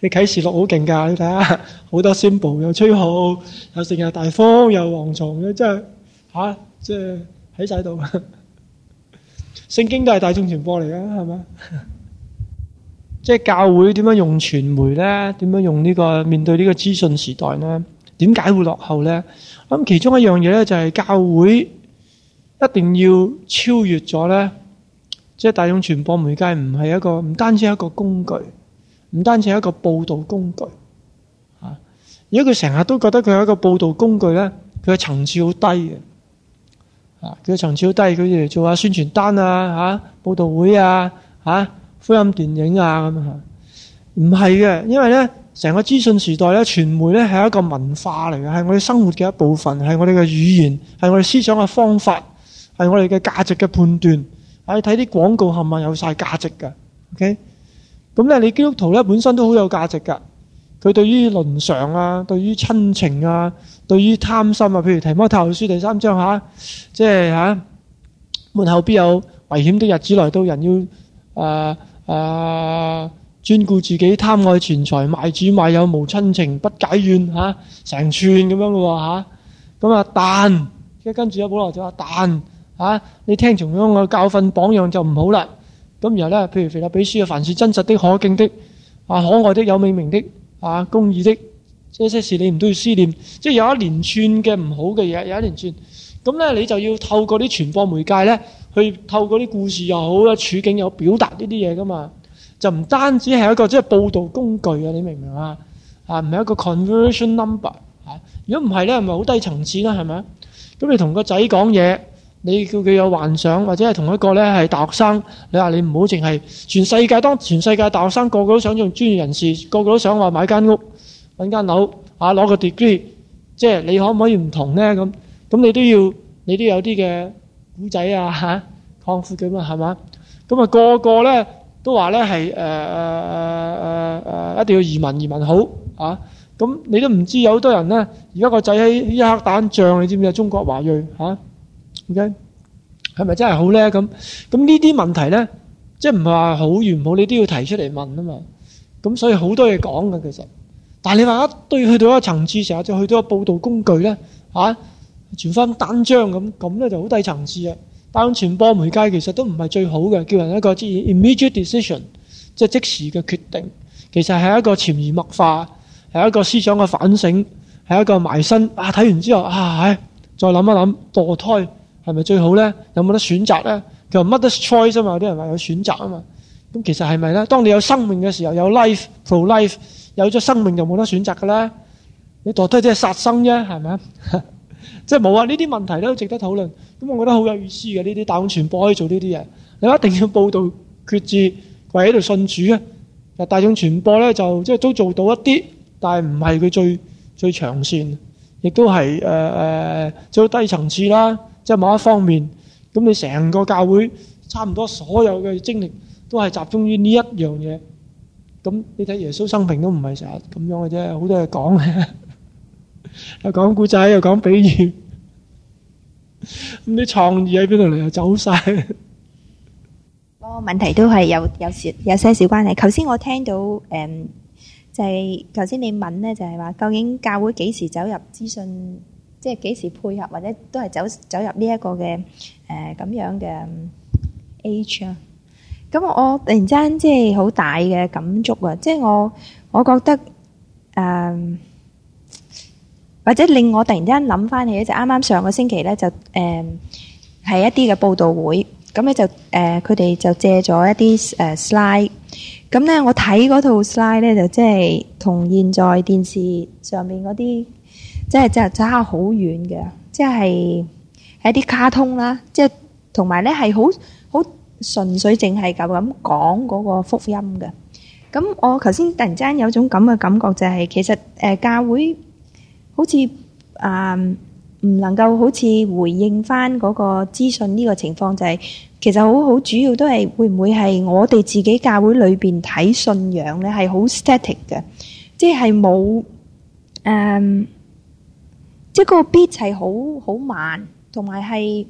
你啟示錄好勁㗎，你睇下好多宣佈，又吹號，又成日大風，又蝗蟲嘅，真係～吓，即係喺晒度，聖經都係大眾傳播嚟嘅，係咪？即係教會點樣用傳媒咧？點樣用呢個面對呢個資訊時代咧？點解會落後咧？咁其中一樣嘢咧，就係教會一定要超越咗咧，即係大眾傳播媒介唔係一個唔單止係一個工具，唔單止係一個報道工具。吓，如果佢成日都覺得佢係一個報道工具咧，佢嘅層次好低嘅。佢層次好低，佢哋做下宣傳單啊、嚇報道會啊、嚇福音電影啊咁嚇，唔係嘅，因為咧成個資訊時代咧，傳媒咧係一個文化嚟嘅，係我哋生活嘅一部分，係我哋嘅語言，係我哋思想嘅方法，係我哋嘅價值嘅判斷。你睇啲廣告係咪有晒價值㗎？OK。咁咧，你基督徒咧本身都好有價值㗎，佢對於倫常啊，對於親情啊。對於貪心啊，譬如《提摩太書》第三章嚇，即係嚇門後必有危險的日子來到，人要誒誒專顧自己，貪愛錢財，賣主賣友，無親情，不解怨嚇，成串咁樣嘅喎嚇，咁啊但跟跟住阿保羅就話但嚇，你聽從咗我教訓榜樣就唔好啦。咁然後咧，譬如《腓立比書》啊，凡是真實的、可敬的、啊可愛的、有美名的、啊公義的。即些事，你唔都要思念，即係有一連串嘅唔好嘅嘢，有一連串咁咧，你就要透過啲傳播媒介咧，去透過啲故事又好，有處境有表達呢啲嘢噶嘛，就唔單止係一個即係報道工具啊，你明唔明啊？唔係一個 conversion number。如果唔係咧，係咪好低層次啦，係咪？咁你同個仔講嘢，你叫佢有幻想，或者係同一個咧係大學生，你話你唔好淨係全世界當全世界大學生個個都想做專業人士，個個都想話買間屋，揾間樓嚇攞個 degree，即係你可唔可以唔同咧？咁咁你都要你都有啲嘅古仔啊嚇，抗富嘅嘛係嘛？咁啊個個咧都話咧係誒誒誒誒誒一定要移民移民好嚇。咁你都唔知有好多人咧，而家個仔喺伊拉克打緊仗，你知唔知啊？中國華裔嚇，O.K. 係咪真係好咧？咁咁呢啲問題咧，即係唔係話好與唔好？你都要提出嚟問啊嘛。咁所以好多嘢講嘅其實。但你話一都要去到一個層次，嘅時候，就去到一個報道工具咧，嚇傳翻單張咁，咁咧就好低層次啊！單傳播媒介其實都唔係最好嘅，叫人一個即係 immediate decision，即係即時嘅決定，其實係一個潛移默化，係一個思想嘅反省，係一個埋身啊！睇完之後啊，再諗一諗墮胎係咪最好咧？有冇得選擇咧？佢話冇得 choice 啊嘛，有啲人話有選擇啊嘛，咁其實係咪咧？當你有生命嘅時候，有 life pro life，有咗生命就冇得選擇噶啦，你墮胎即係殺生啫，係咪啊？即係冇啊！呢啲問題都值得討論。咁我覺得好有意思嘅，呢啲大眾傳播可以做呢啲嘢。你一定要報導決志，為喺度信主啊！大眾傳播咧就即係都做到一啲，但係唔係佢最最長線，亦都係誒誒最低層次啦，即係某一方面。咁你成個教會差唔多所有嘅精力都係集中於呢一樣嘢。咁你睇耶穌生平都唔係成日咁樣嘅啫，好多嘢講嘅，又講古仔，又講比喻，咁啲創意喺邊度嚟啊？又走曬個問題都係有有少有些少關係。頭先我聽到誒就係頭先你問咧，就係話究竟教會幾時走入資訊，即係幾時配合或者都係走走入呢一個嘅誒咁樣嘅 Age 啊？咁我突然間即係好大嘅感觸啊！即係我，我覺得誒，或者令我突然間諗翻起就啱啱上個星期咧就誒係一啲嘅報道會，咁咧就誒佢哋就借咗一啲誒 slide，咁咧我睇嗰套 slide 咧就即係同現在電視上面嗰啲，即係即係差好遠嘅，即係係一啲卡通啦，即係同埋咧係好。純粹淨係就咁講嗰個福音嘅，咁我頭先突然之間有種咁嘅感覺，就係其實誒教會好似啊唔能夠好似回應翻嗰個資訊呢個情況，就係其實好好主要都係會唔會係我哋自己教會裏邊睇信仰咧，係好 static 嘅，即係冇誒，即係個 beat 係好好慢，同埋係。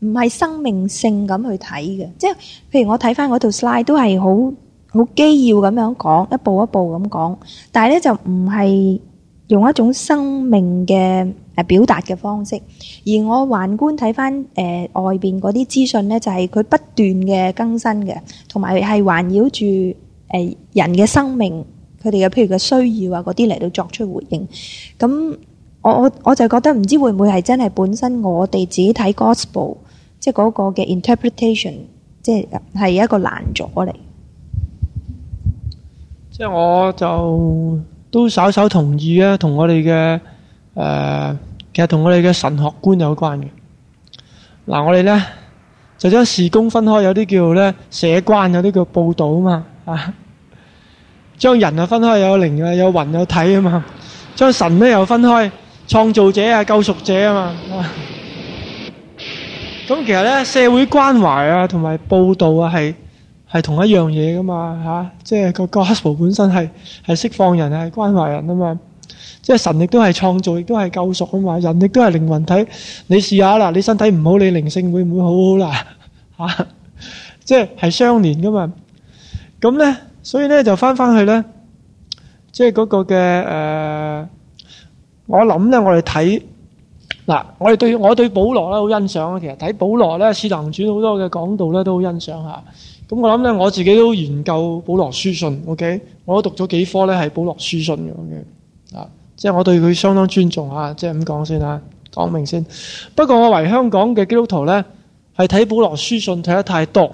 唔係生命性咁去睇嘅，即係譬如我睇翻嗰套 slide 都係好好機要咁樣講，一步一步咁講。但係咧就唔係用一種生命嘅誒表達嘅方式。而我環觀睇翻誒外邊嗰啲資訊咧，就係佢不斷嘅更新嘅，同埋係環繞住誒人嘅生命，佢哋嘅譬如嘅需要啊嗰啲嚟到作出回應。咁我我就覺得唔知會唔會係真係本身我哋自己睇 gospel。即係嗰個嘅 interpretation，即係係一個難咗嚟。即係我就都稍稍同意啊，同我哋嘅誒，其實同我哋嘅神學觀有關嘅。嗱，我哋咧就將事工分開，有啲叫咧寫關，有啲叫報道啊嘛啊。將人啊分開有靈，有靈啊，有魂有體啊嘛。將神咧又分開，創造者啊，救贖者啊嘛。咁其實咧，社會關懷啊，同埋佈道啊，係係同一樣嘢噶嘛吓，即係個 gospel 本身係係釋放人啊，係關懷人啊嘛，即係神亦都係創造，亦都係救贖啊嘛，人亦都係靈魂體，你試下啦，你身體唔好，你靈性會唔會好好啦吓？即係係相連噶嘛。咁咧，所以咧就翻翻去咧，即係嗰個嘅誒，我諗咧，我哋睇。嗱，我哋對我對保羅咧好欣賞啊！其實睇保羅咧，使徒行傳好多嘅講道咧都好欣賞吓，咁我諗咧，我自己都研究保羅書信，OK，我都讀咗幾科咧係保羅書信嘅，啊、okay？即係我對佢相當尊重嚇，即係咁講先啦，講明先。不過我為香港嘅基督徒咧，係睇保羅書信睇得太多，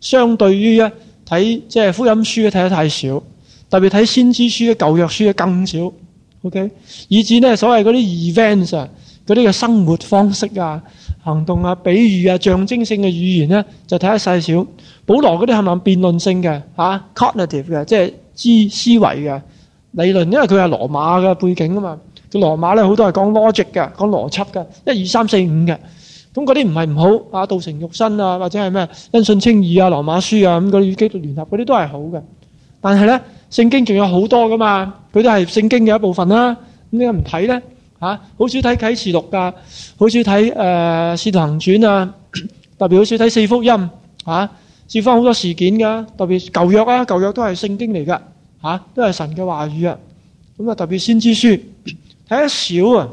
相對於咧睇即係福音書睇得太少，特別睇先知書、舊約書更少，OK，以至呢所謂嗰啲 events 啊～嗰啲嘅生活方式啊、行動啊、比喻啊、象徵性嘅語言咧、啊，就睇得細少。保羅嗰啲係咪辯論性嘅啊？Cognitive 嘅，即係思思維嘅理論，因為佢係羅馬嘅背景啊嘛。佢羅馬咧好多係講 logic 嘅，講邏輯嘅，一二三四五嘅。咁嗰啲唔係唔好啊。道成肉身啊，或者係咩因信稱義啊、羅馬書啊咁嗰啲與基督聯合嗰啲都係好嘅。但係咧，聖經仲有好多噶嘛，佢都係聖經嘅一部分啦、啊。點解唔睇咧？吓、啊，好少睇《啟示錄》噶，好少睇《試、呃、使徒行傳啊四啊》啊，特別好少睇《四福音》嚇，接翻好多事件噶、啊，特別舊約啊，舊約都係聖經嚟噶，嚇、啊、都係神嘅話語啊，咁啊特別先知書睇得少啊，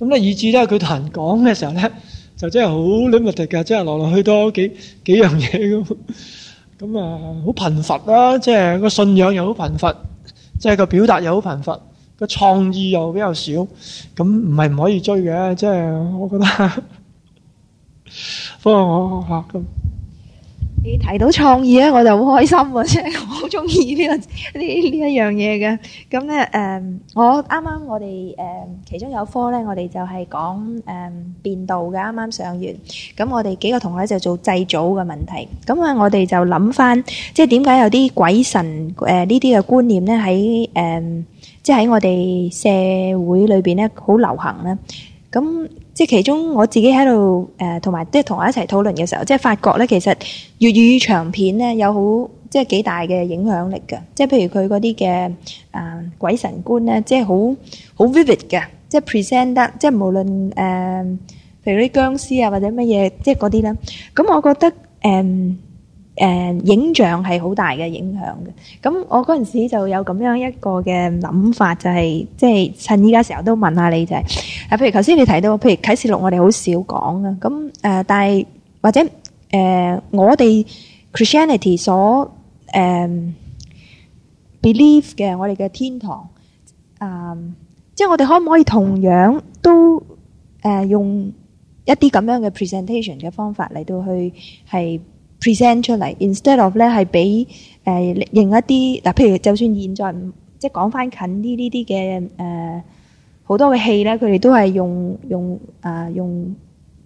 咁咧以至咧佢同人講嘅時候咧，就真係好冇物質噶，真係來來去去都幾幾樣嘢咁，咁啊好貧乏啦、啊，即係個信仰又好貧乏，即係個表達又好貧乏。個創意又比較少，咁唔係唔可以追嘅。即、就、係、是、我覺得，不過我學吓咁、啊。你提到創意咧，我就好開心啊！即係我好中意呢呢呢一樣嘢嘅。咁、這、咧、個這個呃、我啱啱我哋誒、呃、其中有科咧，我哋就係講誒、呃、變道嘅。啱啱上完咁，我哋幾個同學就做祭祖嘅問題。咁啊，我哋就諗翻，即係點解有啲鬼神誒呢啲嘅觀念咧喺誒？呃即喺我哋社會裏邊咧，好流行啦。咁即係其中我自己喺度誒，同、呃、埋即係同我一齊討論嘅時候，即係發覺咧，其實粵語長片咧有好即係幾大嘅影響力㗎。即係譬如佢嗰啲嘅誒鬼神觀咧，即係好好 vivid 嘅，即係 present 得即係無論誒、呃、譬如啲僵屍啊或者乜嘢，即係嗰啲啦。咁我覺得誒。呃誒、嗯、影像係好大嘅影響嘅，咁我嗰陣時就有咁樣一個嘅諗法，就係即係趁依家時候都問下你就係，啊，譬如頭先你提到，譬如啟示錄我哋好少講啊，咁誒、呃，但係或者誒、呃、我哋 Christianity 所誒、呃、believe 嘅我哋嘅天堂，嗯、呃，即係我哋可唔可以同樣都誒、呃、用一啲咁樣嘅 presentation 嘅方法嚟到去係，present 出嚟，instead of 咧係俾誒另一啲，嗱譬如就算現在即係講翻近呢呢啲嘅誒好多嘅戲咧，佢哋都係用用誒、呃、用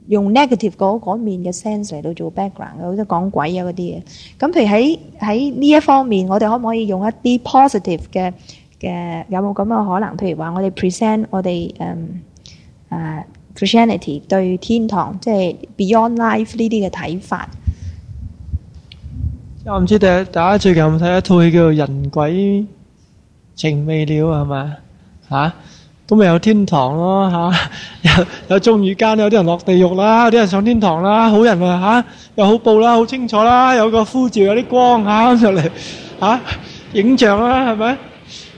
用 negative 嗰面嘅 sense 嚟到做 background 嘅，好似講鬼啊啲嘢。咁譬如喺喺呢一方面，我哋可唔可以用一啲 positive 嘅嘅有冇咁嘅可能？譬如話我哋 present 我哋誒誒 Christianity 對天堂即係、就是、beyond life 呢啲嘅睇法。又唔知第大家最近有冇睇一套戲叫《人鬼情未了》啊？係咪？嚇，咁咪有天堂咯嚇，有有中雨間，有啲人落地獄啦，有啲人上天堂啦，好人啊嚇，又好報啦，好清楚啦，有個呼召，有啲光嚇上嚟，嚇，影像啦，係咪？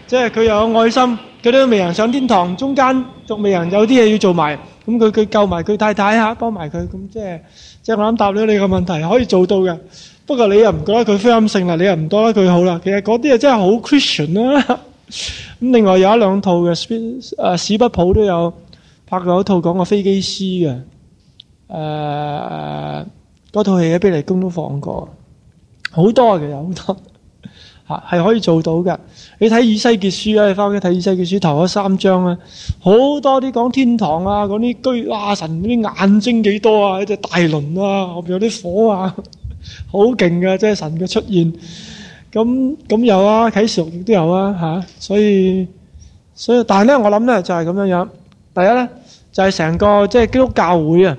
即係佢又有愛心，佢都未人上天堂，中間仲未人有啲嘢要做埋，咁佢佢救埋佢太太吓，幫埋佢，咁即係即係我諗答咗你個問題，可以做到嘅。不過你又唔覺得佢福音性啦？你又唔覺得佢好啦？其實嗰啲啊真係好 Christian 啦。咁另外有一兩套嘅，啊史不普都有拍過一套講個飛機師嘅。誒、呃、嗰套戲喺比利宮都放過，好多嘅有好多係可以做到㗎。你睇《以西結書》啊，翻去睇《以西結書》頭嗰三章啊，好多啲講天堂啊，嗰啲居亞、啊、神嗰啲眼睛幾多啊？一隻大輪啊，後邊有啲火啊～好勁噶，即係神嘅出現，咁咁有啊，啟示錄都有啊，吓，所以所以，但係咧，我諗咧就係咁樣樣。第一咧，就係成個即係基督教會啊，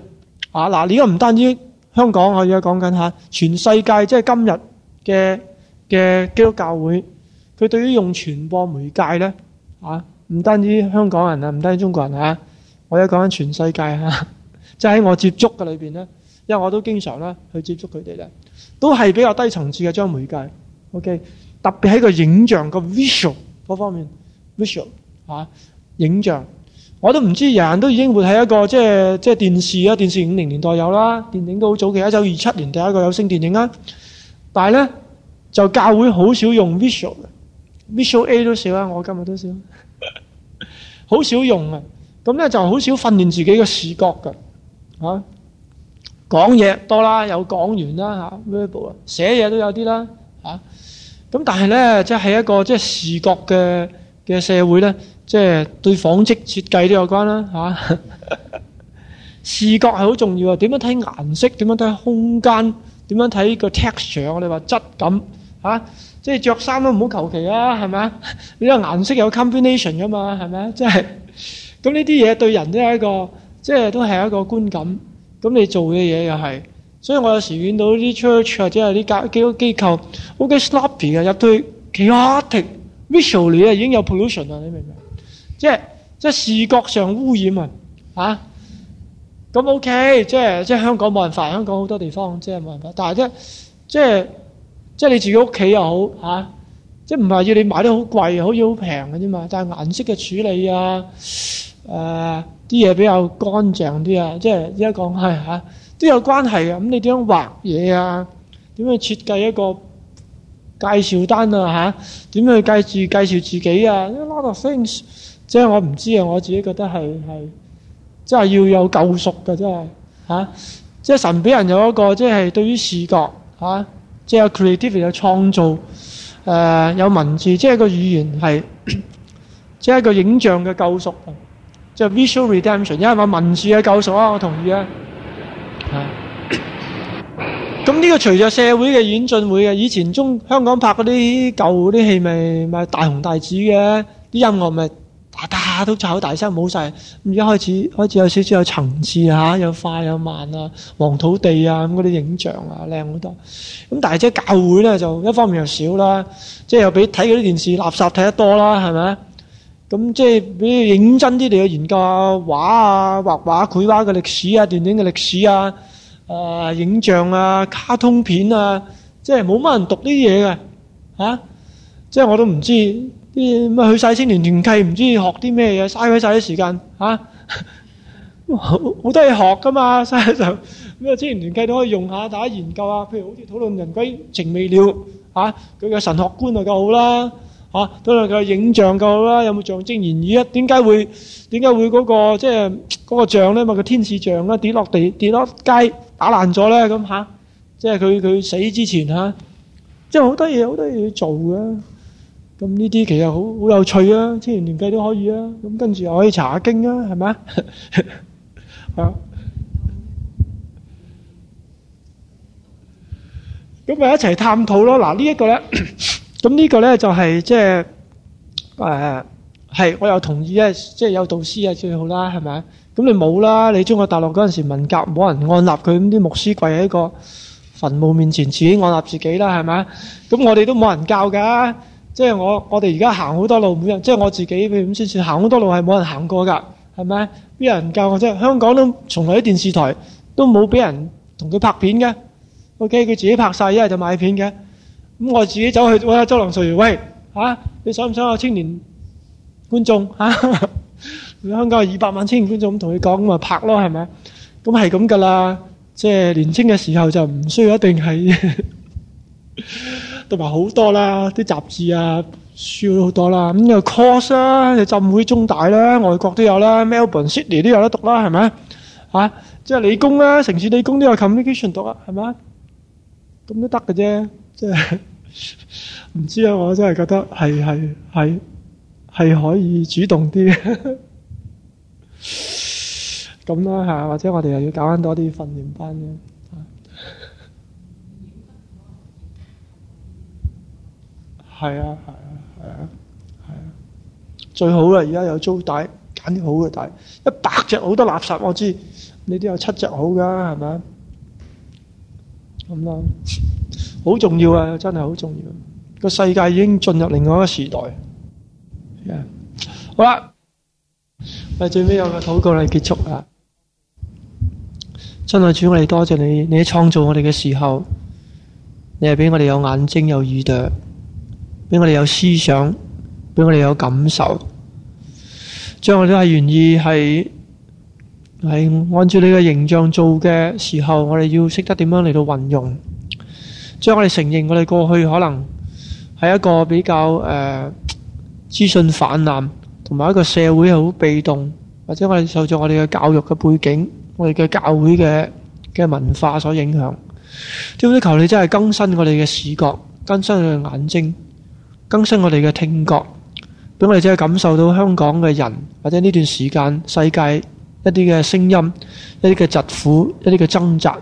啊嗱，呢個唔單止香港，我而家講緊吓全世界，即係今日嘅嘅基督教會，佢對於用傳播媒介咧，啊，唔單止香港人啊，唔單止中國人啊，我而家講緊全世界吓，即係喺我接觸嘅裏邊咧。因為我都經常咧去接觸佢哋咧，都係比較低層次嘅張媒介。OK，特別喺個影像個 visual 嗰方面，visual、啊、影像，我都唔知人，人都已經活喺一個即係即係電視啊，電視五零年代有啦，電影都好早期，一九二七年第一個有聲電影啦。但係咧就教會好少用 visual，visual [laughs] visual A 都少啦，我今日都少，好少用啊。咁咧就好少訓練自己嘅視覺嘅講嘢多啦，有講完啦吓 w e b 寫嘢都有啲啦吓，咁但係咧，即係一個即係視覺嘅嘅社會咧，即係對紡織設計都有關啦吓啊。視覺係好重要啊，點樣睇顏色，點樣睇空間，點樣睇個 texture，我哋話質感吓，即係着衫都唔好求其啊，係咪啊？呢個顏色有 combination 噶嘛，係咪啊？即係咁呢啲嘢對人都係一個，即係都係一個觀感。咁你做嘅嘢又係，所以我有時見到啲 church 或者係啲教基督教機構好 sloppy 嘅，入對 garbage visual 你啊已經有 pollution 啦，你明唔明？即係即係視覺上污染啊吓咁 OK，即係即係香港冇辦法，香港好多地方即係冇辦法，但係即係即係即係你自己屋企又好、吓、即係唔係要你買得好貴，好似好平嘅啫嘛，但係顏色嘅處理啊，呃啲嘢比較乾淨啲啊，即係而家講係吓都有關係啊。咁你點樣畫嘢啊？點樣設計一個介紹單啊？吓、啊、點樣去介紹介紹自己啊？呢 lot of things 即係我唔知啊。我自己覺得係係，即係要有救贖嘅、啊，即係吓即係神俾人有一個，即係對於視覺吓、啊、即係 creative 有創造，誒、呃、有文字，即係個語言係，即係一個影像嘅救贖即係、visual redemption，因為話文字嘅救贖啊，我同意啊。咁呢 [coughs] 個隨著社會嘅演進會啊，以前中香港拍嗰啲舊啲戲咪咪大紅大紫嘅，啲音樂咪大家都炒大聲冇晒。咁而家開始開始有少少有層次啊，有快有慢啊，黃土地啊，咁嗰啲影像啊，靚好多。咁但係即係教會咧，就一方面又少啦，即、就、係、是、又比睇嗰啲電視垃圾睇得多啦，係咪？咁、嗯、即係，比較認真啲嚟去研究下畫啊、畫畫繪畫嘅歷史啊、電影嘅歷史啊、誒、呃、影像啊、卡通片啊，即係冇乜人讀呢啲嘢嘅嚇。即係我都唔知，乜去曬青年團契，唔知學啲咩嘢，嘥佢曬啲時間嚇。好、啊，好 [laughs] 多嘢學㗎嘛，所以咩青年團契都可以用下，大家研究啊。譬如好似討論人《人鬼情未了》嚇，佢嘅神學觀就夠好啦。啊，都係佢影像夠啦，有冇象徵言語啊？點解會點解會嗰個即係嗰個像咧？咪個天使像啦，跌落地跌落街打爛咗咧咁嚇，即係佢佢死之前嚇，即係好多嘢好多嘢要做嘅。咁呢啲其實好好有趣啊，青年年紀都可以啊。咁跟住又可以查下經啊，係咪啊？咁咪一齊探討咯。嗱，呢一個咧。咁呢個咧就係即係誒，係，我又同意即係有導師啊最好啦，係咪？咁你冇啦，你中國大陸嗰陣時文革冇人按立佢，咁啲牧師跪喺一個墳墓面前自己按立自己啦，係咪？咁我哋都冇人教噶，即係我我哋而家行好多路，每日即係我自己咁先算行好多路，係冇人行過噶，係咪？邊有人教我？即係香港都從來啲電視台都冇俾人同佢拍片嘅，OK，佢自己拍晒，一係就買片嘅。咁我自己走去揾阿周梁淑怡，喂，嚇，你想唔想有青年觀眾嚇？香港有二百萬青年觀眾，咁同佢講，咁咪拍咯，係咪？咁係咁噶啦，即係年青嘅時候就唔需要一定係，讀埋好多啦，啲雜誌啊，書都好多啦。咁又 course 啦，你浸會中大啦，外國都有啦，Melbourne、Sydney 都有得讀啦，係咪？嚇，即係理工啦，城市理工都有 Communication 讀啦，係咪？咁都得嘅啫。即係唔知啊！我真係覺得係係係係可以主動啲咁啦吓，或者我哋又要搞翻多啲訓練班嘅。係啊，係啊，係啊，係啊，啊，啊！最好啦！而家有租帶，揀啲好嘅帶，一百隻好多垃圾，我知道你都有七隻好噶，係咪？咁啦。好重要啊！真係好重要。個世界已經進入另外一個時代。Yeah. 好啦，係最尾有個禱告嚟結束啊！真係主，我哋多謝你。你喺創造我哋嘅時候，你係畀我哋有眼睛、有耳朵，畀我哋有思想，畀我哋有感受。將我哋都係願意係係按照你嘅形象做嘅時候，我哋要識得點樣嚟到運用。將我哋承認，我哋過去可能係一個比較誒、呃、資訊泛濫，同埋一個社會好被動，或者我哋受咗我哋嘅教育嘅背景，我哋嘅教會嘅嘅文化所影響。點解求你真係更新我哋嘅視覺，更新我哋嘅眼睛，更新我哋嘅聽覺，俾我哋真係感受到香港嘅人，或者呢段時間世界一啲嘅聲音，一啲嘅疾苦，一啲嘅掙扎。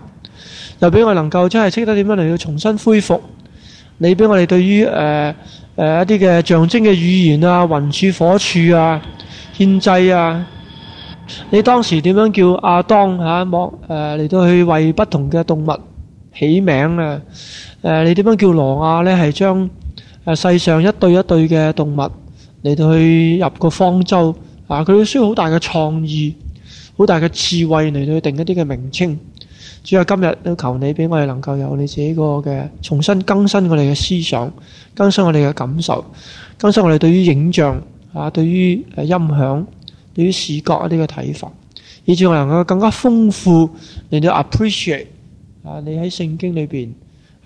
又俾我能夠真係識得點樣嚟到重新恢復，你俾我哋對於誒誒一啲嘅象徵嘅語言啊，雲柱火柱啊，獻祭啊，你當時點樣叫阿當嚇？莫、啊、嚟到去為不同嘅動物起名啊？誒你點樣叫挪亞呢？係將誒世上一對一對嘅動物嚟到去入個方舟啊？佢需要好大嘅創意，好大嘅智慧嚟到去定一啲嘅名稱。主要今日都求你俾我哋能夠有你自己個嘅重新更新我哋嘅思想，更新我哋嘅感受，更新我哋對於影像啊，對於誒音響，對於視覺一啲嘅睇法，以致我能夠更加豐富嚟到 appreciate 啊，你喺聖經裏邊，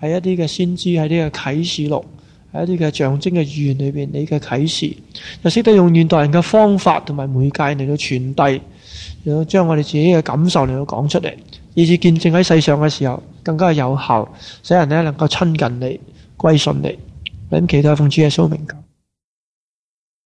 喺一啲嘅先知，喺呢個啟示錄，喺一啲嘅象徵嘅語言裏邊，你嘅啟示，就識得用現代人嘅方法同埋媒介嚟到傳遞，又將我哋自己嘅感受嚟到講出嚟。以致見證喺世上嘅時候更加有效，使人哋能夠親近你、歸順你，嚟咁期待奉主耶穌名求。